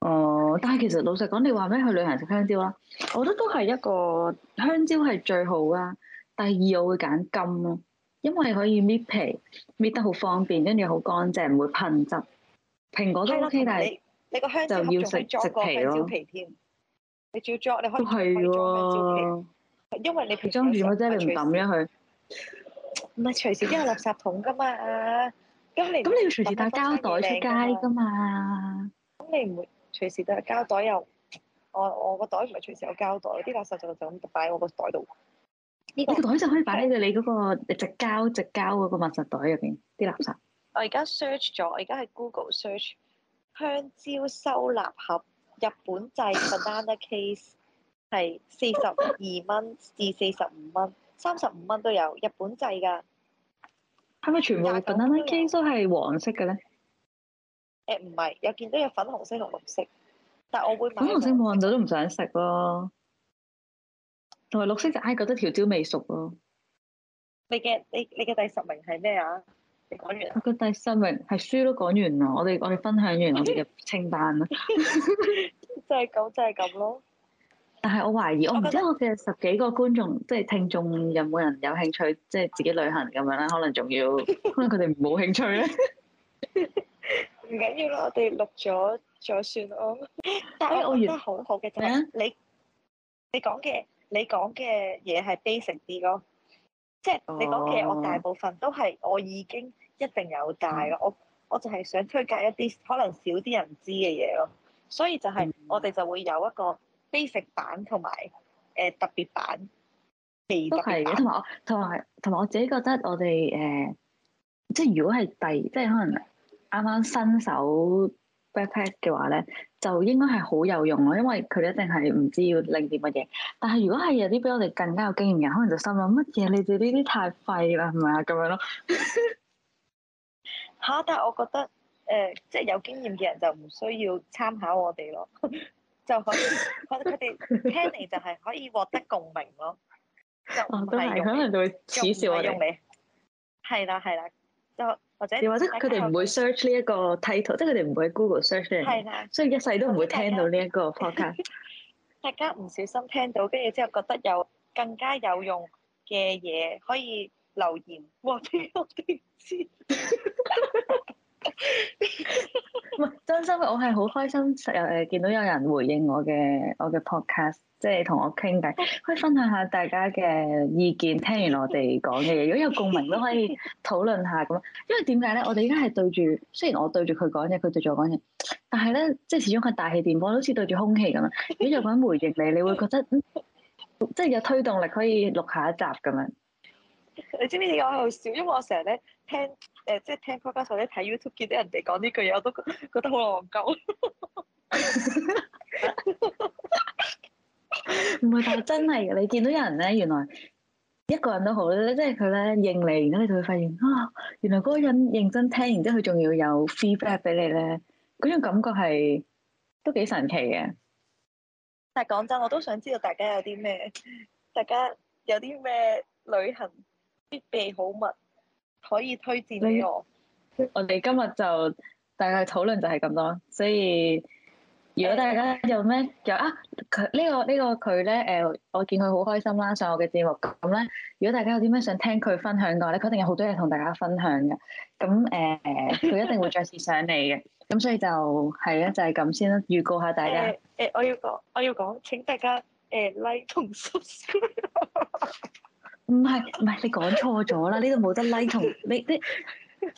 哦，但係其實老實講，你話咩去旅行食香蕉啦？我覺得都係一個香蕉係最好㗎。第二我會揀金咯，因為可以搣皮搣得好方便，跟住好乾淨，唔會噴汁。蘋果都 OK，但係你個香蕉仲要剝香蕉皮添，你仲要剝，你可以攞嚟裝香蕉皮，因為你別裝住啊啫，你唔抌咗佢。唔係隨時都有垃圾桶㗎嘛，咁你咁你要隨時帶膠袋出街㗎嘛？咁你唔會隨時帶膠袋又，我我個袋唔係隨時有膠袋，啲垃圾就就咁擺喺我個袋度。你個袋就可以擺喺你嗰個你直膠直膠嗰個垃圾袋入邊啲垃圾。我而家 search 咗，我而家係 Google search 香蕉收納盒日本製 banana case，係四十二蚊至四十五蚊，三十五蚊都有日本製噶。係咪全部 banana case 都係黃色嘅咧？誒唔係，有見到有粉紅色同綠色。但係我會買粉紅色望到都唔想食咯。同埋綠色就係覺得條蕉未熟咯。你嘅你你嘅第十名係咩啊？講完，我個第十名係書都講完啦。我哋我哋分享完我哋嘅清單啦， (laughs) (laughs) 就係咁就係咁咯。但係我懷疑，我唔知我嘅十幾個觀眾，即係聽眾有冇人有興趣，即係自己旅行咁樣啦。可能仲要，可能佢哋冇興趣咧。唔緊要啦，我哋錄咗再算咯。但係我覺得好好嘅，就是，就係你你講嘅你講嘅嘢係 basic 啲咯，即係你講嘅嘢，我大部分都係我已經。一定有帶咯、嗯，我我就係想推介一啲可能少啲人知嘅嘢咯，所以就係我哋就會有一個 basic 版同埋誒特別版，呃、特別版特別版都係嘅。同埋我同埋同埋我自己覺得我哋誒、呃，即係如果係第即係可能啱啱新手 backpack 嘅話咧，就應該係好有用咯，因為佢一定係唔知要拎啲乜嘢。但係如果係有啲比我哋更加有經驗嘅人，可能就心諗乜嘢？你哋呢啲太廢啦，係咪啊？咁樣咯。 (laughs) 嚇、啊！但係我覺得，誒、呃，即係有經驗嘅人就唔需要參考我哋咯， (laughs) 就可以覺得佢哋聽嚟就係可以獲得共鳴咯。哦、啊，都係，可能就會恥笑我哋。係啦，係啦，就或者。或者佢哋唔會 search 呢一個 title，即係佢哋唔會 Google search 嘅。係啦。所以一世都唔會聽到呢一個 podcast。 (laughs) 大家唔小心聽到，跟住之後覺得有更加有用嘅嘢可以。留言或者我點知？ (laughs) 真心，我係好開心誒！見到有人回應我嘅我嘅 podcast，即係同我傾偈，可以分享下大家嘅意見。聽完我哋講嘅嘢，如果有共鳴都可以討論下咁。因為點解咧？我哋而家係對住，雖然我對住佢講嘢，佢對住我講嘢，但係咧，即係始終係大氣電波，好似對住空氣咁啊！如果有人回應你，你會覺得即係有推動力，可以錄下一集咁樣。你知唔知點解我喺度笑？因為我成日咧聽誒、呃，即係聽 Professor 咧睇 YouTube 見到人哋講呢句嘢，我都覺得好戇鳩。唔 (laughs) 係， (laughs) (laughs) 但係真係嘅，你見到有人咧，原來一個人都好咧，即係佢咧應嚟咁你就會發現啊，原來嗰個人認真聽，然之後佢仲要有 feedback 俾你咧，嗰種感覺係都幾神奇嘅。但係講真，我都想知道大家有啲咩，大家有啲咩旅行。必備好物，可以推薦俾我。我哋今日就大概討論就係咁多，所以如果大家有咩有、欸、啊，佢、這個這個、呢個呢個佢咧，誒，我見佢好開心啦，上我嘅節目咁咧。如果大家有啲咩想聽佢分享嘅話咧，佢一定有好多嘢同大家分享嘅。咁誒，佢、欸、一定會再次上嚟嘅。咁 (laughs) 所以就係咧、啊，就係、是、咁先啦。預告下大家。誒、欸欸，我要講，我要講，請大家誒、欸、，like 同 subscribe (laughs) 唔係唔係，你講錯咗啦！呢度冇得 like 同你啲。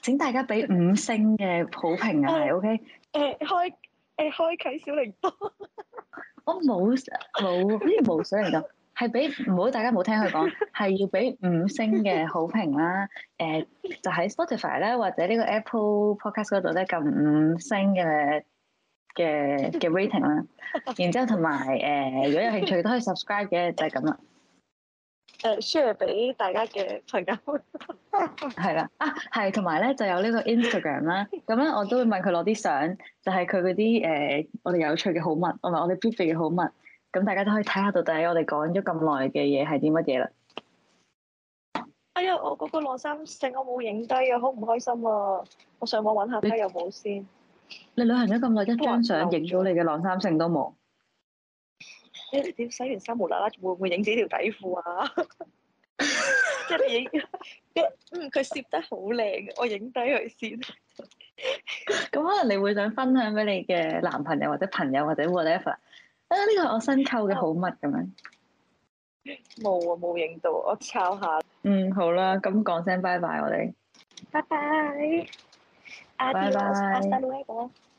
請大家俾五星嘅好評啊，OK？誒開誒開啟小零度。我冇冇好似無水零度，係俾唔好大家冇聽佢講，係要俾五星嘅好評啦。誒就喺 Spotify 咧，或者呢個 Apple Podcast 嗰度咧，撳五星嘅嘅嘅 rating 啦。然之後同埋誒，如果有興趣都可以 subscribe 嘅，就係咁啦。誒 share 俾大家嘅朋友，係啦，啊係，同埋咧就有呢個 Instagram 啦，咁 (laughs) 咧我都會問佢攞啲相，就係佢嗰啲誒我哋有趣嘅好物，同埋我哋必備嘅好物，咁大家都可以睇下到底我哋講咗咁耐嘅嘢係啲乜嘢啦。哎呀，我嗰個晾衫繩我冇影低啊，好唔開心啊！我上網揾下睇有冇你先。你旅行咗咁耐，一張相影咗你嘅晾衫繩都冇。誒，洗完衫無啦啦，會唔會影自己條底褲啊？ (laughs) 即係影，嗯，佢攝得好靚，我影低佢先。咁 (laughs) 可能你會想分享俾你嘅男朋友或者朋友或者 whatever 啊？呢個係我新購嘅好物咁樣。冇啊、哦，冇影到，我抄下。嗯，好啦，咁講聲拜拜我，我哋。拜拜。啊，拜拜。